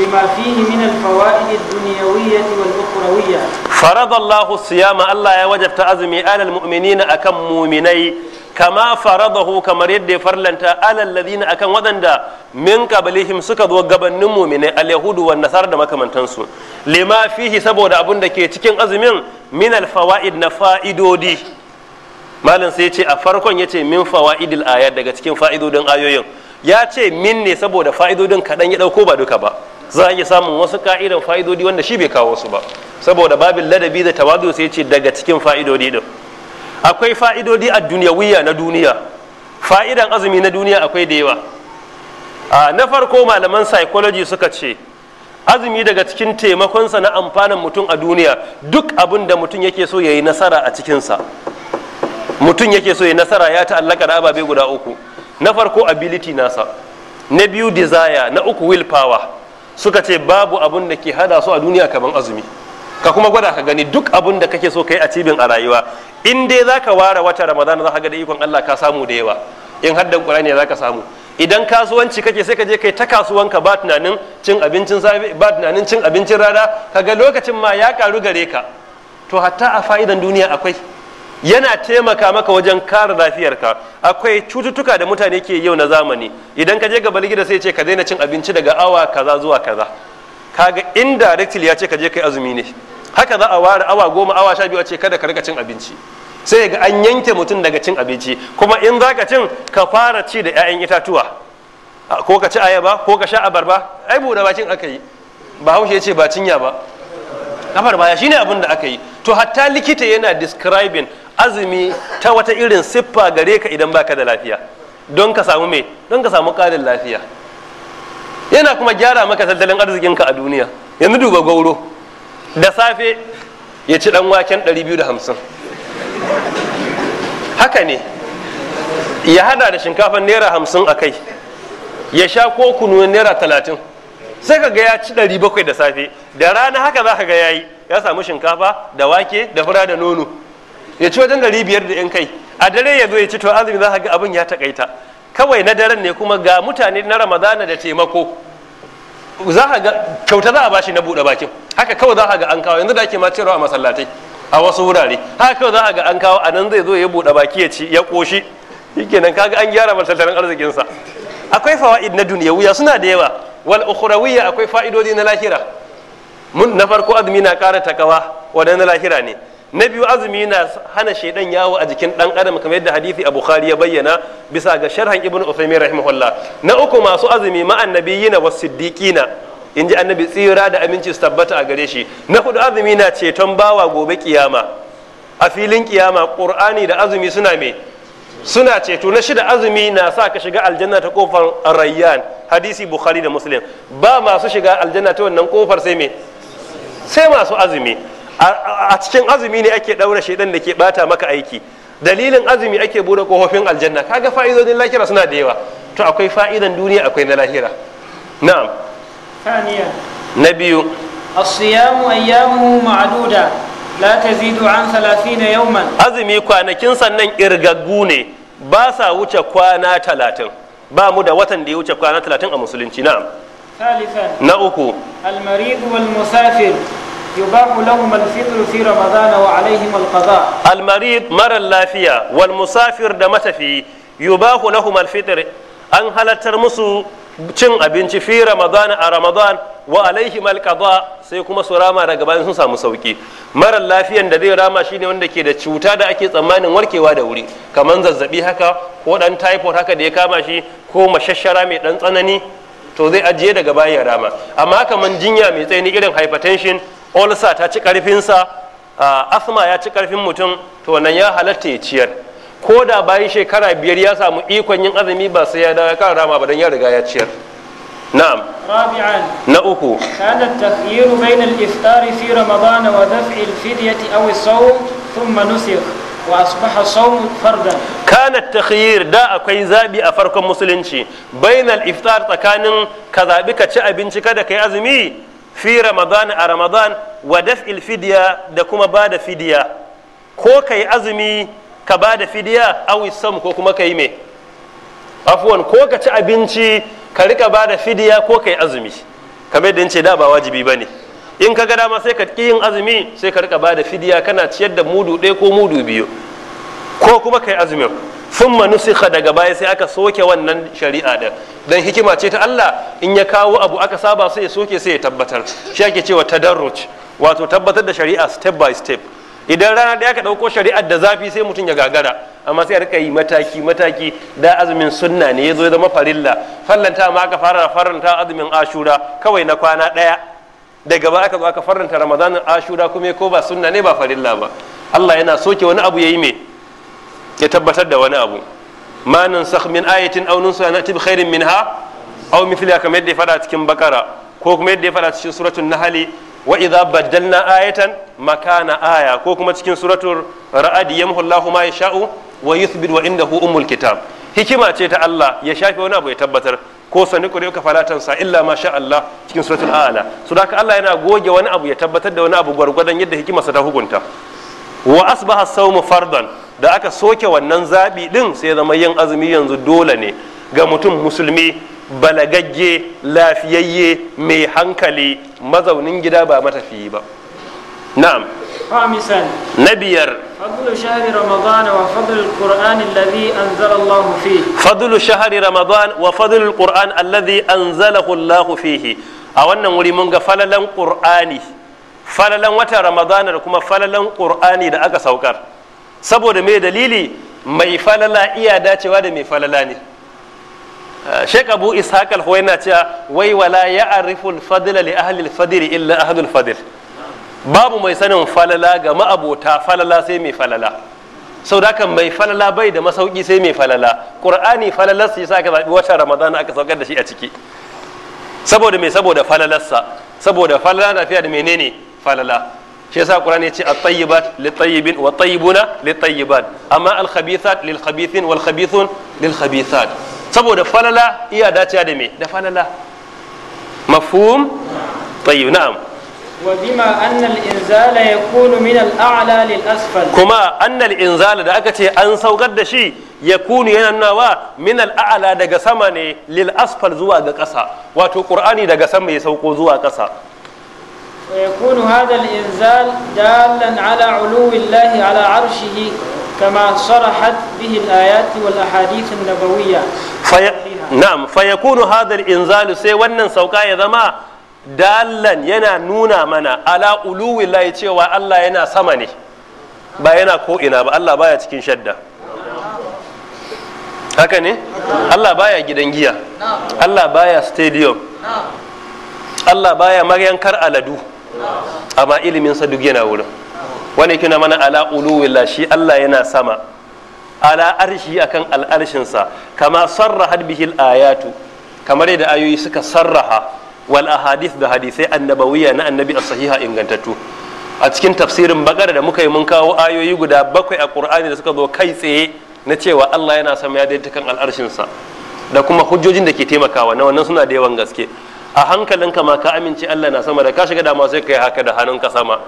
lima fihi min alfawaid ad-dunyawiyyah wal ukhrawiyyah faradallahu siyama Allah ya wajabta azumi ala almu'minina akan mu'minai kama faradahu kamar yadda ya farlanta alal ladina akan waɗanda min qablihim suka zo gabanin mu'mine al yahudu wan nasar da makamantansu lima fihi saboda abun da ke cikin azumin min al na fa'idodi malam sai yace ce a farkon ya ce min fawaidil ayat daga cikin fa'idodin ayoyin ya ce min ne saboda fa'idodin kaɗan ya ɗauko ba duka ba za a iya samun wasu ka'idan fa'idodi wanda shi bai kawo su ba saboda babin ladabi da tawadu sai ce daga cikin fa'idodi din akwai fa'idodi a duniyawiya na duniya fa'idan azumi na duniya akwai da yawa na farko malaman psychology suka ce azumi daga cikin taimakonsa na amfanin mutum a duniya duk abin da mutum yake so ya yi nasara a cikinsa mutum yake so ya nasara ya ta'allaka da ababe guda uku na farko ability nasa na biyu desire na uku will power suka ce babu abin da ke hada su a duniya kamar azumi ka kuma gwada ka gani duk abin da kake so kai a cibin a rayuwa in dai za ka ware wata ramadana za ka ga da ikon Allah ka samu da yawa in haddan ne za ka samu idan kasuwanci kake sai ka je kai ta kasuwanka ba tunanin cin abincin safe ba tunanin cin abincin rana ka ga lokacin ma ya karu gare ka to hatta a fa'idan duniya akwai yana taimaka maka wajen kare lafiyarka akwai cututtuka da mutane ke yau na zamani idan ka je ga balgida sai ce ka daina cin abinci daga awa kaza zuwa kaza kaga indirectly ya ce ka je kai azumi ne haka za a ware awa goma awa sha biyu a ce kada ka rika cin abinci sai ga an yanke mutum daga cin abinci kuma in za ka cin ka fara ci da 'ya'yan itatuwa ko ka ci ayaba ko ka sha abarba ai bude bakin aka yi ba haushe ya ce ba cinya ba kafar baya shine abin da aka yi to hatta likita yana describing azumi ta wata irin siffa gare ka idan baka da lafiya don ka samu me don ka samu ƙarin lafiya yana kuma gyara maka tattalin arzikinka a duniya yanzu duba gauro da safe ya ci dan waken 250 haka ne ya hada da shinkafan naira 50 a kai ya sha ko kunu naira 30 sai ka ga ya ci 700 da safe da rana haka za ka ga yayi ya samu shinkafa da wake da fura da nono ya ci wajen 500 da yan kai a dare ya zo ya ci to azumi za ka ga abin ya takaita kawai na daren ne kuma ga mutane na ramadana da taimako za ka ga kyauta za a bashi na buɗe bakin haka kawai za ka ga an kawo yanzu da ake ma cewa a masallatai a wasu wurare haka kawai za ka ga an kawo a nan zai zo ya buɗe baki ya ci ya ƙoshi shikenan kaga an gyara masallatan arzikin sa akwai fawaid na duniyawiya suna da yawa wal ukhrawiyya akwai fa'idodi na lahira mun na farko azumi na ƙara takawa wadannan lahira ne na biyu azumi na hana shaidan yawo a jikin dan adam kamar yadda hadisi a bukhari ya bayyana bisa ga sharhan ibnu usaimin rahimahullah na uku masu azumi ma annabiyina was siddiqina in annabi tsira da aminci su tabbata a gare shi na hudu azumi na ceton bawa gobe kiyama a filin kiyama qur'ani da azumi suna me suna ceto na shida azumi na sa ka shiga aljanna ta kofar rayyan hadisi bukhari da muslim ba masu shiga aljanna ta wannan kofar sai me sai masu azumi a cikin azumi ne ake daura shaidan da ke bata maka aiki dalilin azumi ake bude kofofin aljanna kaga fa'idodin lahira suna da yawa to akwai fa'idan duniya akwai na lahira na'am thaniya na biyu as-siyam ayyamu ma'duda la tazidu an yau man. azumi kwanakin sannan irgaggu ne ba sa wuce kwana talatin ba mu da watan da ya wuce kwana talatin a musulunci na'am na uku al-marid wal musafir يباح لهم الفطر في رمضان وعليهم القضاء المريض مر اللافية والمسافر دمتفي يباح لهم الفطر أن هل ترمسوا cin abinci fi ramadan a ramadan wa alaihim alqada sai kuma su rama daga bayan sun samu sauki marar lafiyan da zai rama shine wanda ke da cuta da ake tsammanin warkewa da wuri kamar zazzabi haka ko dan typhoid haka da ya kama shi ko mashashara mai dan tsanani to zai ajiye daga bayan rama amma kamar jinya mai tsaini irin hypertension olsa ta ci karfinsa asma ya ci karfin mutum to nan ya halatta ya ciyar ko da bayan shekara biyar ya samu ikon yin azumi ba sai ya dawo kan rama ba don ya riga ya ciyar na'am rabi'an na uku kada takhyiru bayna al-iftar fi ramadan wa daf'i al-fidyati aw as-sawm thumma nusikh wa asbaha as-sawm fardan kana takhyir da akwai zabi a farkon musulunci bayna al-iftar tsakanin ka zaɓi ka ci abinci kada ka yi azumi fi ramadan a ramadan wa daf fidya da kuma ba da fidya ko ka yi azumi ka ba da fidya awi sam ko kuma ka yi me afuwan ko ka ci abinci ka rika ba da fidya ko ka yi azumi kamar da ce da ba wajibi ba ne in ka ga dama sai ka ƙi yin azumi sai ka rika ba da fidya kana ciyar da mudu ɗaya ko mudu biyu ko kuma ka yi azumin sun nusikha daga baya sai aka soke wannan shari'a din dan hikima ce ta Allah in ya kawo abu aka saba sai ya soke sai ya tabbatar shi ake cewa tadarruj wato tabbatar da shari'a step by step idan rana ɗaya aka ɗauko shari'ar da zafi sai mutum ya gagara amma sai rika yi mataki mataki da azumin sunna ne zo ya zama farilla fallanta ma aka fara faranta azumin ashura kawai na kwana daya da gaba aka zo aka faranta ramadanin ashura kuma ko ba sunna ne ba farilla ba Allah yana soke wani abu ya yi me ya tabbatar da wani abu ma nansakh min ayatin aw nunsa na'ti bi khairin minha aw mithliha kamar yadda ya fada cikin bakara ko kuma yadda ya fada cikin suratul nahli wa idza baddalna ayatan makana aya ko kuma cikin suratul ra'ad yamhu Allahu ma yasha'u wa yuthbit wa indahu umul kitab hikima ce ta Allah ya shafe wani abu ya tabbatar ko sani ku ka falatan sa illa ma sha Allah cikin suratul a'la su da Allah yana goge wani abu ya tabbatar da wani abu gwargwadon yadda hikimarsa ta hukunta wa asbaha sawmu fardan da aka soke wannan zaɓi ɗin sai zama yin azumi yanzu dole ne ga mutum musulmi balagagge lafiyayye mai hankali mazaunin gida ba matafiyi ba na'am na biyar fadlu shahari ramadan wa fadlu qur'an alladhi anzalahu allah fihi a wannan wuri mun ga falalan qur'ani falalan watan ramadana da kuma falalen qur'ani da aka saukar saboda mai dalili mai falala iya dacewa da mai falala ne ah, Sheikh Abu Ishaq al na cewa wai wala ya'rifu al-fadl li ahli al-fadl illa ahli al-fadl babu mai sanin falala ga ma'abota falala sai mai falala sau da mai falala bai da masauki sai mai falala qur'ani falalarsa yasa aka zabi watan ramadana aka saukar da shi a ciki saboda mai saboda falalarsa saboda falala na fiya da menene falala shi yasa qur'ani ya ce at-tayyibat lit-tayyibin wa tayyibuna lit-tayyibat amma al-khabithat lil-khabithin wal-khabithun lil-khabithat saboda falala iya dacewa da me da falala mafhum tayyib na'am وبما أن الإنزال يكون من الأعلى للأسفل كما أن الإنزال da aka ce an saukar da shi ya kunu yana nawa min al'a'ala daga sama ne lil asfal zuwa ga ƙasa wato qur'ani daga sama ya sauko zuwa ƙasa ويكون هذا الإنزال دالا على علو الله على عرشه كما صرحت به الآيات والأحاديث النبوية في... نعم فيكون هذا الإنزال سيوانا سوكا يذما dalan yana nuna mana ala cewa Allah yana sama ne ba yana ko ina ba Allah baya cikin shadda haka ne Allah baya gidan giya Allah baya stadium Allah baya maryankar aladu amma sa duk yana wurin wani kina mana ala uluwillah shi Allah yana sama ala arshi akan sa kama bihi bihil ayatu kamar yadda ayoyi suka sarraha wal ahadith da hadisai annabawiya na annabi a sahiha ingantattu a cikin tafsirin bagara da muka yi mun kawo ayoyi guda bakwai a qur'ani da suka zo kai tsaye na cewa Allah yana sama ya daidaita kan sa da kuma hujjojin da ke taimakawa na wannan suna da yawan gaske a hankalinka ma ka amince Allah na sama da ka shiga dama sai kai haka da hannunka sama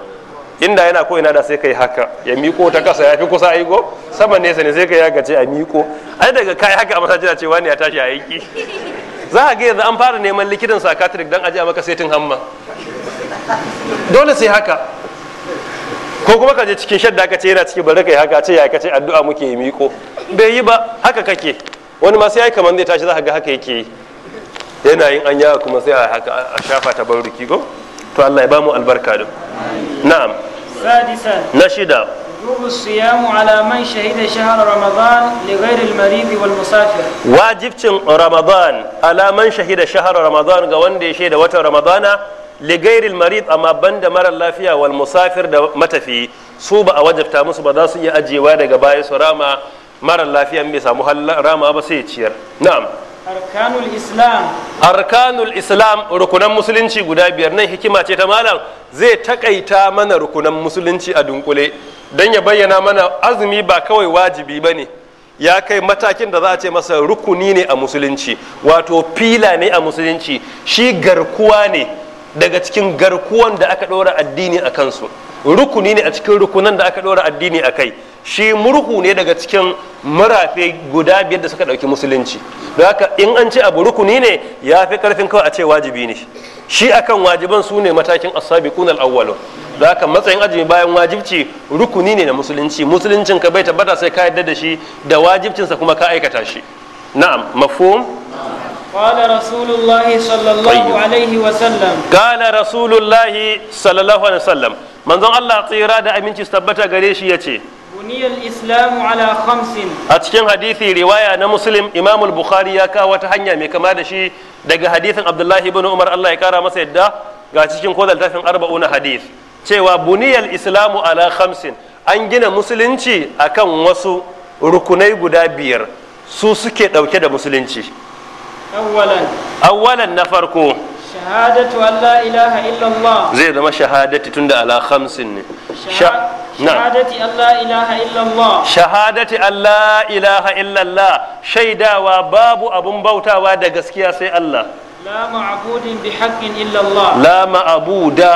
inda yana ko ina da sai kai haka ya miko ta kasa ya fi kusa aiko sama nesa ne sai kai yi haka ce a miko ai daga kai haka a masajida cewa ne ya tashi a aiki za a ga yanzu an fara neman likitan psychiatric dan aje maka setin hamma dole sai haka ko kuma ka je cikin shadda ka ce yana ciki bari kai haka ce ya ka ce addu'a muke miko bai yi ba haka kake wani ma sai ai kamar zai tashi za ka ga haka yake yi yana yin an yawa kuma sai a shafa ta barruki ko to Allah ya ba mu albarka din na'am na shida wajibcin ramadan alaman shahida shahar ramadan ga wanda ya shaida watan ramadana ligairil marid amma banda marar lafiya wal musafir da matafi su ba a wajabta musu ba za su iya ajiyewa daga baya su rama marar lafiya bai samu rama ba sai ciyar na'am arkanul islam arkanul rukunan musulunci guda biyar nan hikima ce ta malam zai takaita mana rukunan musulunci a dunkule don ya bayyana mana azumi ba kawai wajibi ba ne ya kai matakin da za a ce masa rukuni ne a musulunci wato fila ne a musulunci shi garkuwa ne daga cikin garkuwan da aka ɗora addini a kansu rukuni ne a cikin rukunan da aka ɗora addini a kai shi murhu ne daga cikin murafe guda biyar da suka ɗauki musulunci don haka in an ce abu rukuni ne ya fi ƙarfin kawai a ce wajibi ne shi akan wajiban su ne matakin asabi kunal awwalo don haka matsayin azumi bayan wajibci rukuni ne na musulunci musuluncin ka bai tabbata sai ka yarda da shi da wajibcinsa kuma ka aikata shi na'am mafhum Gana رسول الله صلى الله عليه وسلم قال رسول الله صلى الله عليه وسلم من tsira da aminci tabbata gare shi yace buniyal islamu ala a cikin hadisi riwaya na muslim imam al-bukhari ya kawo wata hanya mai kama da shi daga hadisin abdullahi ibn umar Allah ya kara masa yadda ga cikin kodal tafin arba'una hadith cewa buniyal islamu ala khamsin an gina musulunci akan wasu rukunai guda biyar su suke ɗauke da musulunci awwalan awwalan na farko shahadatu alla ilaha illallah zai zama shahadati tunda ala khamsin ne shahadati alla ilaha illallah shahadati alla ilaha illallah shaidawa babu abun bautawa da gaskiya sai Allah la ma'budin bi haqqin illallah la ma'buda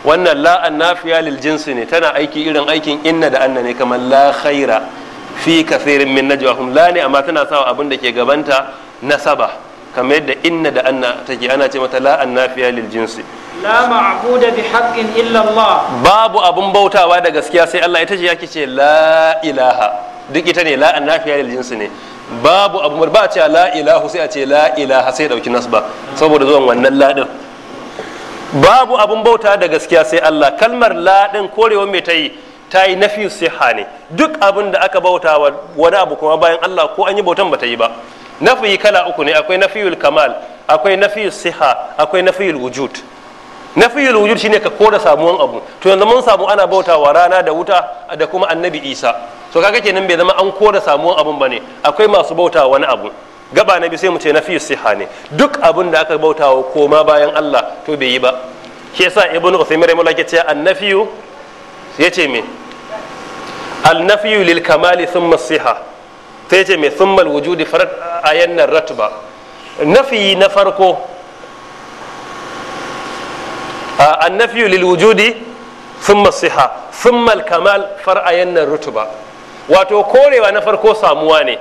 wannan la annafiya lil jinsi ne tana aiki irin aikin inna da anna ne kamar la khaira fi kathirin min najwahum la ne amma tana sawa abin da ke gabanta nasaba kamar yadda inna da anna take ana ce mata la nafiya lil jinsi la ma'budu bi haqqin illa Allah babu abun bautawa da gaskiya sai Allah ita ce yake ce la ilaha duk ita ne la nafiya lil jinsi ne babu abu ba a ce la ilahu sai a ce la ilaha sai dauki nasba saboda zuwan wannan la din babu abun bauta da gaskiya sai Allah kalmar la din korewa mai ta yi ta yi nafi siha ne duk abin da aka bauta wa wani abu kuma bayan Allah ko an yi bautan ba ta yi ba nafi kala uku ne akwai nafiyul kamal akwai nafiyul siha akwai nafiyul wujud nafiyul wujud shine ka kora samuwan abu to yanzu mun samu ana bautawa rana da wuta da kuma annabi isa so kaga kenan bai zama an kora samuwan abun bane akwai masu bautawa wani abu gaba na sai mu ce nafiyul siha ne duk abun da aka bautawa koma bayan Allah to bai yi ba shi yasa ibnu usaymin rahimahullah ke cewa annafiyu yace me al-nafiyu lil kamali thumma siha sai ce mai summal wujudi farad a nan ratba nafi na farko annafiyu lil wujudi summa siha mal kamal a yannan rutuba wato korewa na farko samuwa ne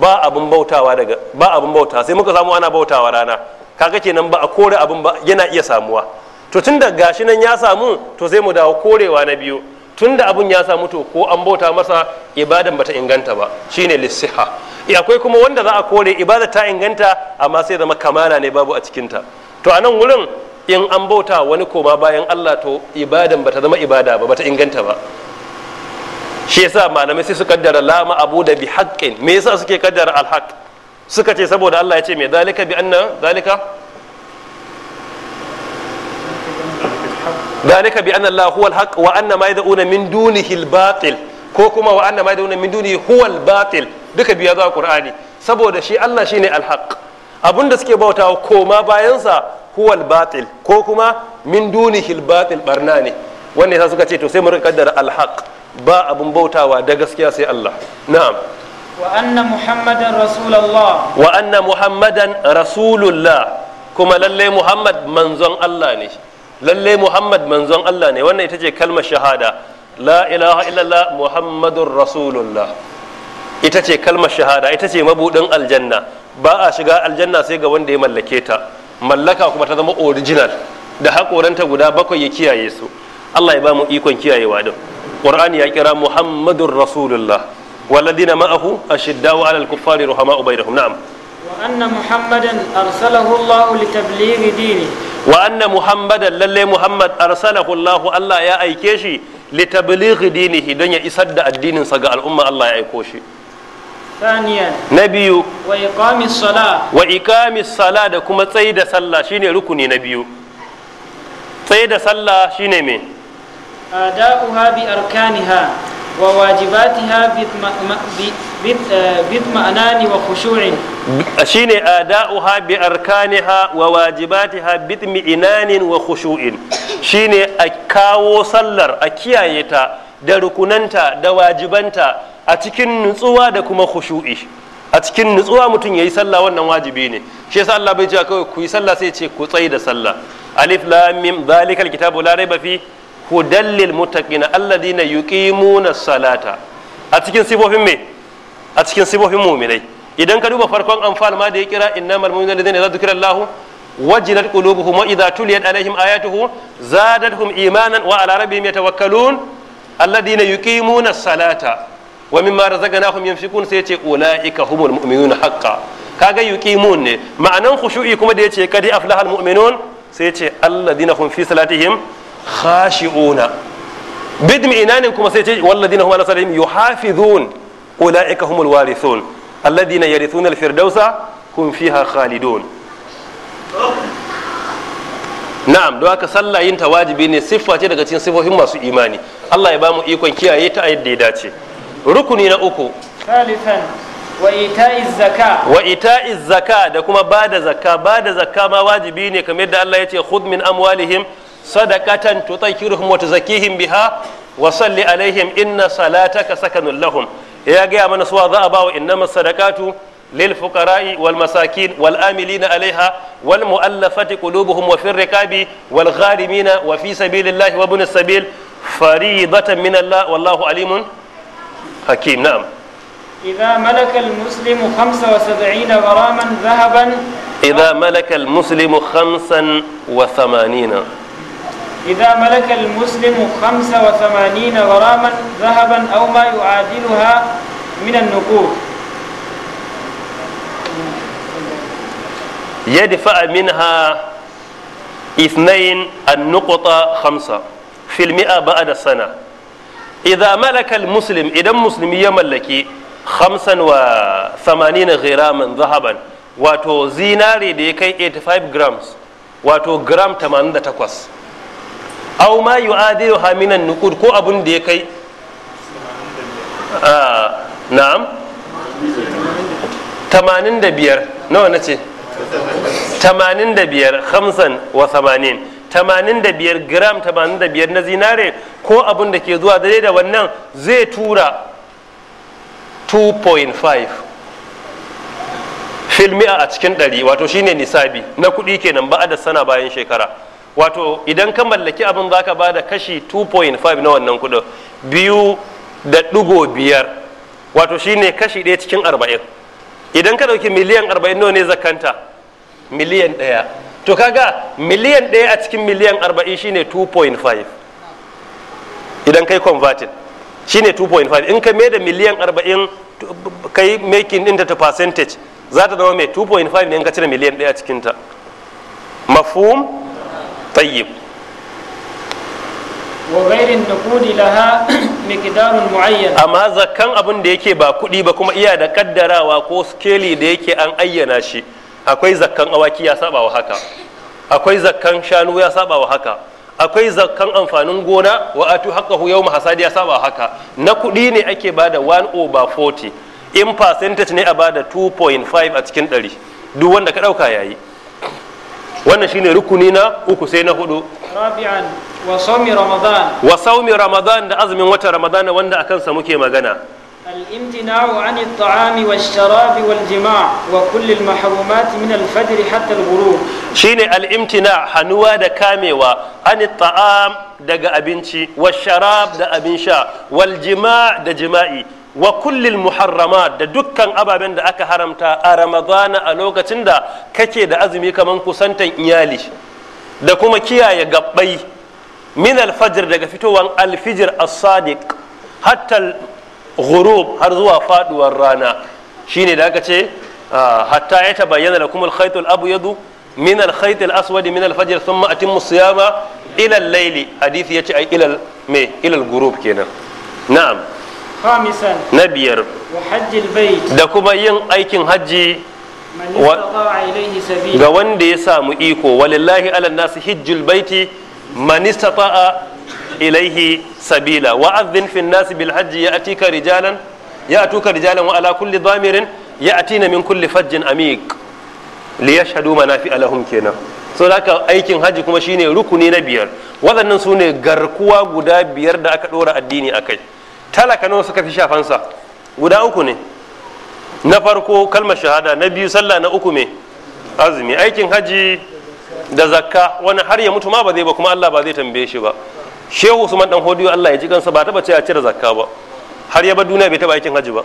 ba abin bautawa daga ba abin bauta sai muka samu ana bautawa rana kaga kenan ba a kore abin ba yana iya samuwa to tun da gashi nan ya samu to sai mu dawo korewa na biyu Tun da abun ya samu to ko an bauta masa ibadan bata inganta ba shine lissiha e, akwai kuma wanda za a kore ibada ta inganta amma sai zama kamala ne babu a cikinta to a nan wurin in an bauta wani koma bayan Allah to ibadan bata zama ibada ba bata inganta ba shi yasa malamai sai su kaddara lama abu da bi haqqin me yasa suke kaddara alhaq suka ce saboda Allah ya ce me zalika bi anna zalika ذلك بأن الله هو الحق وأن ما يدعون من دونه الباطل ko kuma wa anna ma yaduna min duni huwa batil duka saboda shi Allah shine al-haq abinda suke bauta koma bayansa huwal batil ko kuma min dunihi al-batil barna ne wanne sa suka ce to sai mu rika kaddara al ba abun bautawa da gaskiya sai Allah na'am wa anna muhammadan rasulullah wa anna muhammadan rasulullah kuma lalle muhammad manzon Allah ne lalle muhammad manzon allah ne wannan ita ce kalmar shahada la ilaha illallah muhammadun rasulullah ita ce kalmar shahada ita ce mabudin aljanna ba a shiga aljanna sai ga wanda ya mallake ta mallaka kuma ta zama original da haƙoranta guda bakwai ya kiyaye su allah ya ba mu ikon kiyayewa din qur'ani ya kira muhammadun rasulullah ma'ahu معه أشداء على kuffari رحماء بينهم na'am. وأن محمدا أرسله الله لتبليغ دينه وأن محمدا للي محمد أرسله الله الله يا أيكيشي لتبليغ دينه دنيا إسد الدين سقى الأمة الله يا أيكوشي ثانيا نبي وإقام الصلاة وإقام الصلاة كما تسيد صلى شيني ركني نبي تسيد صلى شيني مين آداؤها بأركانها وواجباتها باطمئنان وخشوع شيني آداؤها بأركانها وواجباتها باطمئنان وخشوع شيني أكاو صلر أكيايتا da rukunanta da wajibanta a cikin nutsuwa da kuma kushu'i a cikin nutsuwa mutum ya yi sallah wannan wajibi ne shi yasa Allah bai ce kawai ku yi sallah sai ce ku tsayi da sallah alif lam mim zalikal kitabu fi hudan lil muttaqina alladhina yuqimuna salata a cikin sifofin me a cikin sifofin mu'minai idan ka duba farkon anfal ma da ya kira innamal mu'minuna alladhina idza dhukira allah wajilat qulubuhum wa idza tuliyat alaihim ayatuhu zadatuhum imanan wa ala rabbihim yatawakkalun alladhina yuqimuna salata wa mimma razaqnahum yunfiqun sai yace ulaika humul mu'minuna haqqan kaga yuqimun ne ma'anan khushu'i kuma da yace kadi aflahal mu'minun sai yace alladhina hum fi salatihim khashi'una bid mi'inanin kuma sai ce walladina hum ala salihim yuhafizun ulaika humul warithun alladina yarithuna al-firdausa hum fiha khalidun na'am don haka sallah ta wajibi ne siffa daga cikin siffofin masu imani Allah ya bamu ikon kiyaye ta a yadda ya dace rukuni na uku salifan wa ita'iz zaka wa ita'iz zaka da kuma bada zakka bada zaka ma wajibi ne kamar yadda Allah ya ce khudh min amwalihim sadaqatan tutahhiruhum wa tuzakkihim biha wa salli alaihim inna salataka sakanun lahum ya gaya mana suwa za a bawa innama sadaqatu lil fuqara'i wal masakin wal amilina alaiha wal mu'allafati qulubuhum wa fir riqabi wal gharimina wa fi sabilillahi wa ibnis sabil faridatan min Allah wallahu alimun hakim na'am إذا ملك المسلم 75 غراما ذهبا إذا ملك المسلم 85 إذا ملك المسلم 85 غراما ذهبا أو ما يعادلها من النقود يدفع منها اثنين النقطة خمسة في المئة بعد السنة إذا ملك المسلم إذا المسلم يملك خمسة وثمانين غراما ذهبا واتو زيناري دي كي 85 grams واتو جرام 88 aw ma yu'adiru haminan nuqud ko abun da ya kai ah, na'am 85 nawa nace 85 hamsan wa da 85 gram 85 na zinare ko abun da ke zuwa daidai da wannan zai tura 2.5 filmi a cikin ɗari wato shine nisabi na kuɗi kenan ba'a da sana bayan shekara wato idan ka mallaki abin zaka ba da kashi 2.5 na wannan kudin biyu da ɗigo biyar wato shine kashi ɗaya cikin arba'in idan ka ɗauki miliyan arba'in nawa ne zakanta miliyan ɗaya to kaga miliyan ɗaya a cikin miliyan arba'in shine 2.5 idan kai convertin shine 2.5 in ka mai da miliyan arba'in kai making ɗinta ta percentage za ta zama mai 2.5 ne in ka cire miliyan ɗaya a cikinta mafhum طيب وغير النقود لها مقدار معين اما amma zakkan abin da yake ba kudi ba kuma iya da kaddarawa ko skeli da yake an ayyana shi akwai zakkan awaki ya saba wa haka akwai zakkan shanu ya saba wa haka akwai zakkan amfanin gona wa atu haqqahu yawma hasadi ya saba wa haka na kudi ne ake da 1 over 40 in percentage ne a bada 2.5 a cikin 100 duk wanda ka dauka yayi wannan shine rukuni na uku sai na hudu wa saumi ramadan da azumin wata ramadan wanda akan sa muke magana al-imtina'u 'ani at-ta'ami wash-sharabi wal-jima' wa kulli al-mahrumat min al-fajr hatta al-ghurub shine al-imtina' hanuwa da kamewa 'ani at daga abinci wa sharab da abin sha wal-jima' da jima'i wa kullil muharrama da dukkan ababen da aka haramta a ramadana a lokacin da kake da azumi kaman kusantan iyali da kuma kiyaye gabbai min alfajir daga fitowan alfijir as-sadiq hatta ghurub har zuwa faduwar rana shine da aka ce hatta ya tabayyana lakum al-khayt al-abyad min al-khayt al-aswad min al-fajr thumma atimmu siyama ila al-layli hadisi yace ai ila me ila al-ghurub kenan na'am na biyar da kuma yin aikin hajji ga wanda ya samu iko walillahi ala nasu hijjul baiti manista istata'a ilaihi sabila wa adhin fi bil hajji ya'tika rijalan ya'tuka rijalan wa ala kulli dhamirin ya'tina min kulli fajjin amiq li yashhadu manafi'a lahum kenan so haka aikin hajji kuma shine rukuni na biyar waɗannan su ne garkuwa guda biyar da aka ɗora addini a kai talaka nawa suka fi shafansa guda uku ne na farko kalmar shahada na biyu sallah na uku me azumi aikin haji da zakka wani har ya mutu ma ba zai ba kuma Allah ba zai tambaye shi ba shehu usman dan hodiyo Allah ya ji kansa ba taba a cire zakka ba har ya ba duniya bai taba aikin haji ba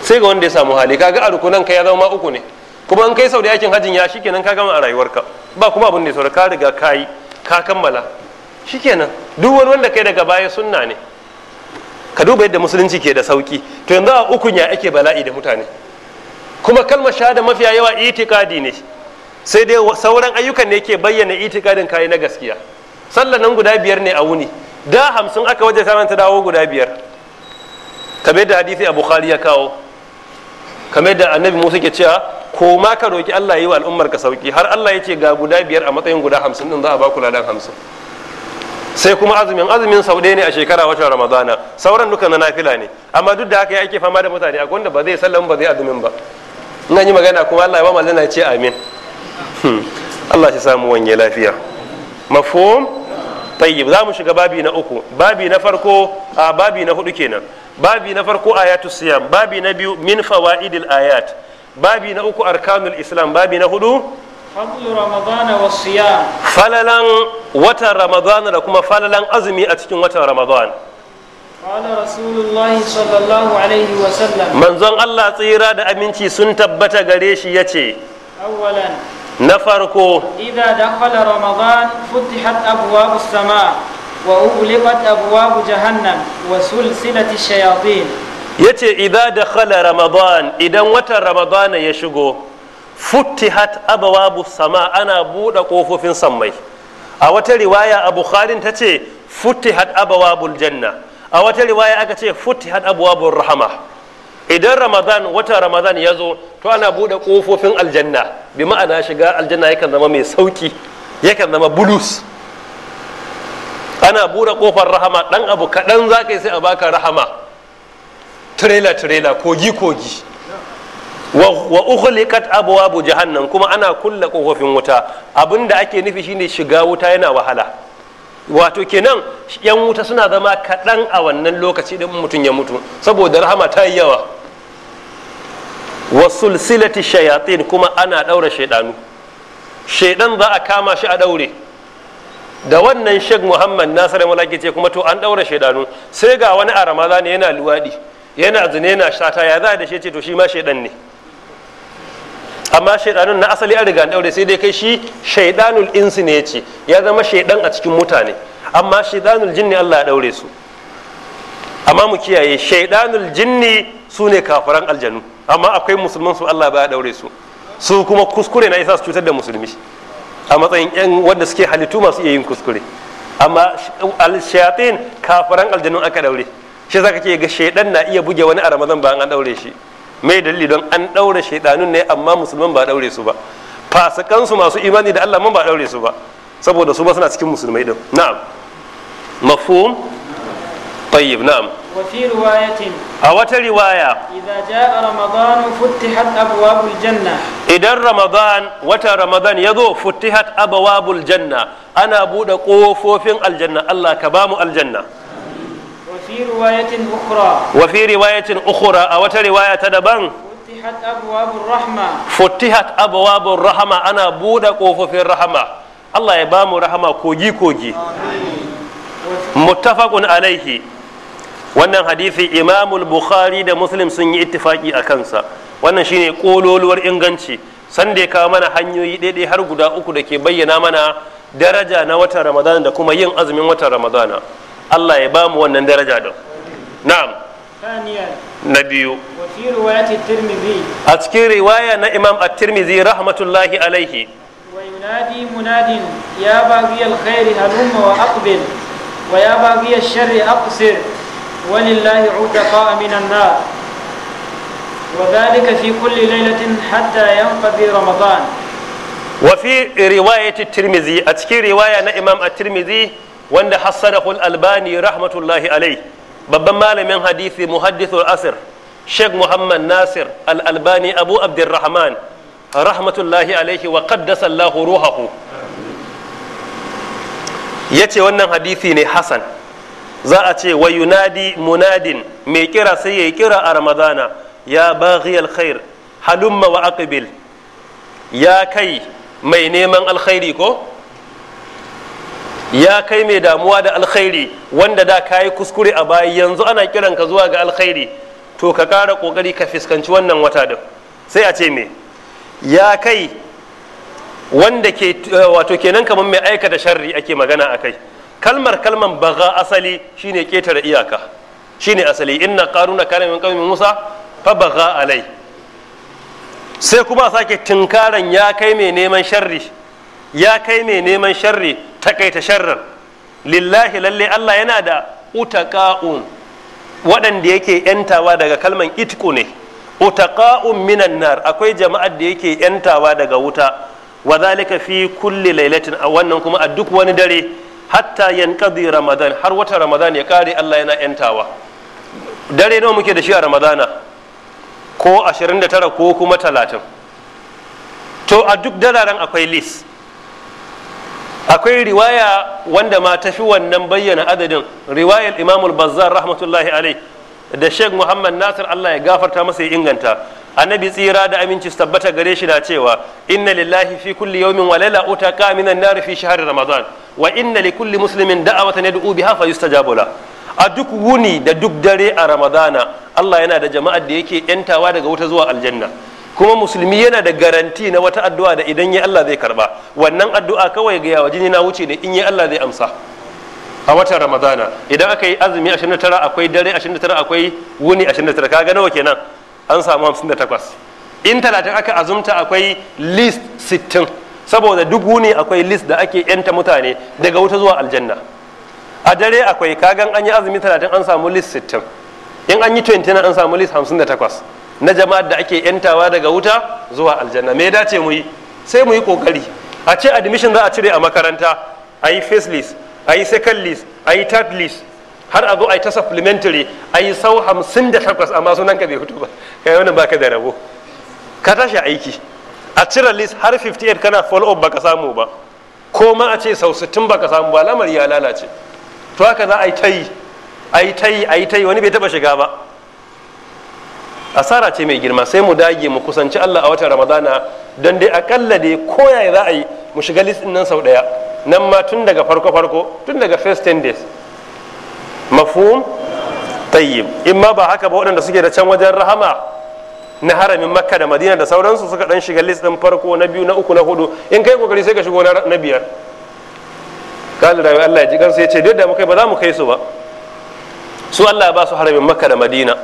sai ga wanda ya samu hali kaga a rukunan ka ya zama uku ne kuma in kai sau da aikin hajin ya shikenan ka gama a rayuwarka ba kuma abin da ya saura ka riga ka yi ka kammala shikenan duk wani wanda kai daga baya sunna ne ka duba yadda musulunci ke da sauki to yanzu a ukun ya ake bala'i da mutane kuma kalma shahada mafiya yawa itikadi ne sai dai sauran ayyukan ne ke bayyana itikadin kayi na gaskiya sallar nan guda biyar ne a wuni da hamsin aka waje sanar ta dawo guda biyar kamar da hadisi a bukhari ya kawo kamar da annabi musa ke cewa ko ma ka roki allah yi wa al'ummar ka sauki har allah ya ce ga guda biyar a matsayin guda hamsin din za a baku ladan hamsin sai kuma azumin azumin sau ɗaya ne a shekara watan ramadana sauran duka na nafila ne amma duk da haka ake fama da mutane a wanda ba zai sallan ba zai azumin ba ina yi magana kuma Allah ya ba mallana ce amin hmm. Allah shi samu wanye lafiya mafhum tayyib za mu shiga babi na uku babi na farko a babi na hudu kenan babi na farko ayatu siyam babi na biyu min fawaidil ayat babi na uku arkanul islam babi na hudu falalan watan ramadana da kuma falalan azumi a cikin watan ramadana manzon Allah tsira da aminci sun tabbata gare shi ya ce na farko idan dakhala ramadan futihat abwabu sama wa ughliqat abwabu jahannam wa sulsilati shayatin yace idan dakhala ramadan idan watan ramadana ya shigo futtihat abawabu sama ana buɗe ƙofofin sammai a wata riwaya a bukharin ta ce futtihat abawabul janna a wata riwaya aka ce futtihat abawabul rahama idan ramadan wata ramadan ya zo to ana buɗe ƙofofin aljanna bi ma'ana shiga aljanna yakan zama mai sauki yakan zama bulus ana buɗe ƙofar rahama ɗan abu kaɗan za ka sai a baka rahama tirela tirela kogi kogi wa ukhliqat abwabu jahannam kuma ana kulla kofofin wuta abinda ake nufi shine shiga wuta yana wahala wato kenan yan wuta suna zama kaɗan a wannan lokaci din mutum ya mutu saboda rahama ta yi yawa wa sulsilati shayatin kuma ana ɗaura shaidanu shaidan za a kama shi a ɗaure da wannan sheikh muhammad nasir malaki ce kuma to an ɗaura shaidanu sai ga wani a ramadana yana luwaɗi yana zine yana shata ya za da shi ce to shi ma shaidan ne amma shaidanun na asali an riga daure sai dai kai shi shaidanul insi ne ce ya zama shaidan a cikin mutane amma shaidanul jinni Allah ya daure su amma mu kiyaye shaidanul jinni su ne kafiran aljanu amma akwai musulman su Allah ya daure su su kuma kuskure na isa su cutar da musulmi a matsayin yan wanda suke halittu masu iya yin kuskure amma al-shayatin kafiran aljanu aka daure shi zaka ke ga shaidan na iya buge wani a Ramadan ba an daure shi mai dalili don an ɗaure shaidanun ne amma musulman ba daure su ba su masu imani da Allah man ba daure su ba saboda su ba suna cikin musulmai din na'am mafhum tayyib na'am wa fi riwayatin a wata riwaya idza jaa ramadan futtihat abwabul janna idan ramadan wata ramadan yazo futtihat abwabul janna ana bude kofofin aljanna Allah ka bamu aljanna وفي رواية أخرى وفي رواية أخرى أو رواية دبان فتحت أبواب الرحمة فتحت أبواب الرحمة أنا بودا قوف في الرحمة الله يبام رحمة كوجي كوجي متفق عليه wannan hadithi imamul bukhari da muslim sun yi ittifaki a kansa wannan shine kololuwar inganci sanda ya kawo mana hanyoyi daidai har guda uku da ke bayyana mana daraja na watan ramadana da kuma yin azumin watan ramadana Allah ya bamu wannan daraja din na'am na biyu a cikin riwaya na imam at-tirmidhi rahmatullahi alaihi وينادي مناد يا باغي الخير هلم وأقبل ويا باغي الشر أقصر ولله عتقاء من النار وذلك في كل ليلة حتى ينقضي رمضان وفي رواية الترمذي أتكي رواية إمام الترمذي wanda hassadahul albani rahmatullahi alai babban malamin hadisi muhaddithul asir sheikh muhammad nasir al-albani abu abdurrahman rahmatullahi alaihi wa qaddasa ruhahu yace wannan hadisi ne hasan za a ce wa yunadi munadin mai kira sai yayi kira a ramadana ya baghi alkhair halumma wa aqbil ya kai mai neman alkhairi ko ya kai mai damuwa da alkhairi wanda da kayi kuskure a baya yanzu ana kiran ka zuwa ga alkhairi to ka kara kokari ka fuskanci wannan wata din sai a ce me ya kai wanda ke eh, wato kenan kamar mai aikata sharri ake magana a kai kalmar kalman baga asali shine ketare iyaka shine asali inna qaruna kana min qaumi musa fa baga alai sai kuma sake tinkaran ya kai mai neman sharri ya kai mai neman sharri takaita sharrar lillahi lalle Allah yana da utaqa'un waɗanda yake yantawa daga kalman itku ne utaqa'un minan nar akwai jama'ar da yake yantawa daga wuta wa zalika fi kulli lailatin wannan kuma a duk wani dare hatta yanqadi ramadan har wata ramadan ya kare Allah yana yantawa dare nawa muke da shi a ramadana ko 29 ko kuma 30 to a duk dararen akwai list akwai riwaya wanda ma tafi wannan bayyana adadin riwayar imamul bazzar rahmatullahi alai da sheikh muhammad nasir allah ya gafarta masa ya inganta annabi tsira da aminci su tabbata gare shi na cewa inna lillahi fi kulli yawmin wa laila utaka minan nar fi shahri ramadan wa inna li kulli muslimin da'awatan yad'u biha fa yustajabu la a duk wuni da duk dare a ramadana allah yana da jama'ar da yake yantawa daga wuta zuwa aljanna kuma musulmi yana da garanti na wata addu'a da idan ya Allah zai karba wannan addu'a kawai ga yawa jini na wuce ne in ya Allah zai amsa a watan ramadana idan aka yi azumi 29 akwai dare 29 akwai wuni 29 ga nawa kenan an samu 58 in talatin aka azumta akwai list 60 saboda duk wuni akwai list da ake yanta mutane daga wuta zuwa aljanna a dare akwai kagan an yi azumi 30 an samu list 60 in an yi 20 an samu list 58 na jama'ar da ake yantawa daga wuta zuwa aljanna me dace mu yi sai mu yi kokari a ce admission za a cire a makaranta a yi list a yi second list a yi third list har a zo a yi ta supplementary a yi sau hamsin da takwas amma sunan ka bai fito ba kai wani baka da rabo ka tashi aiki a cire list har 58 kana follow up baka samu ba ko ma a ce sau 60 baka samu ba lamari ya lalace to haka za a yi ta yi a yi ta wani bai taba shiga ba asara ce mai girma sai mu dage mu kusanci Allah a watan Ramadana don dai akalla dai koya za a yi mu shiga list nan sau daya nan ma tun daga farko farko tun daga first 10 days mafhum tayyib in ma ba haka ba waɗanda suke da can wajen rahama na haramin makka da madina da sauransu suka dan shiga list din farko na biyu na uku na hudu in kai kokari sai ka shigo na biyar kalin rayuwar Allah ya ji kansa ya ce duk da mu kai ba za mu kai su ba su Allah ba su haramin makka da madina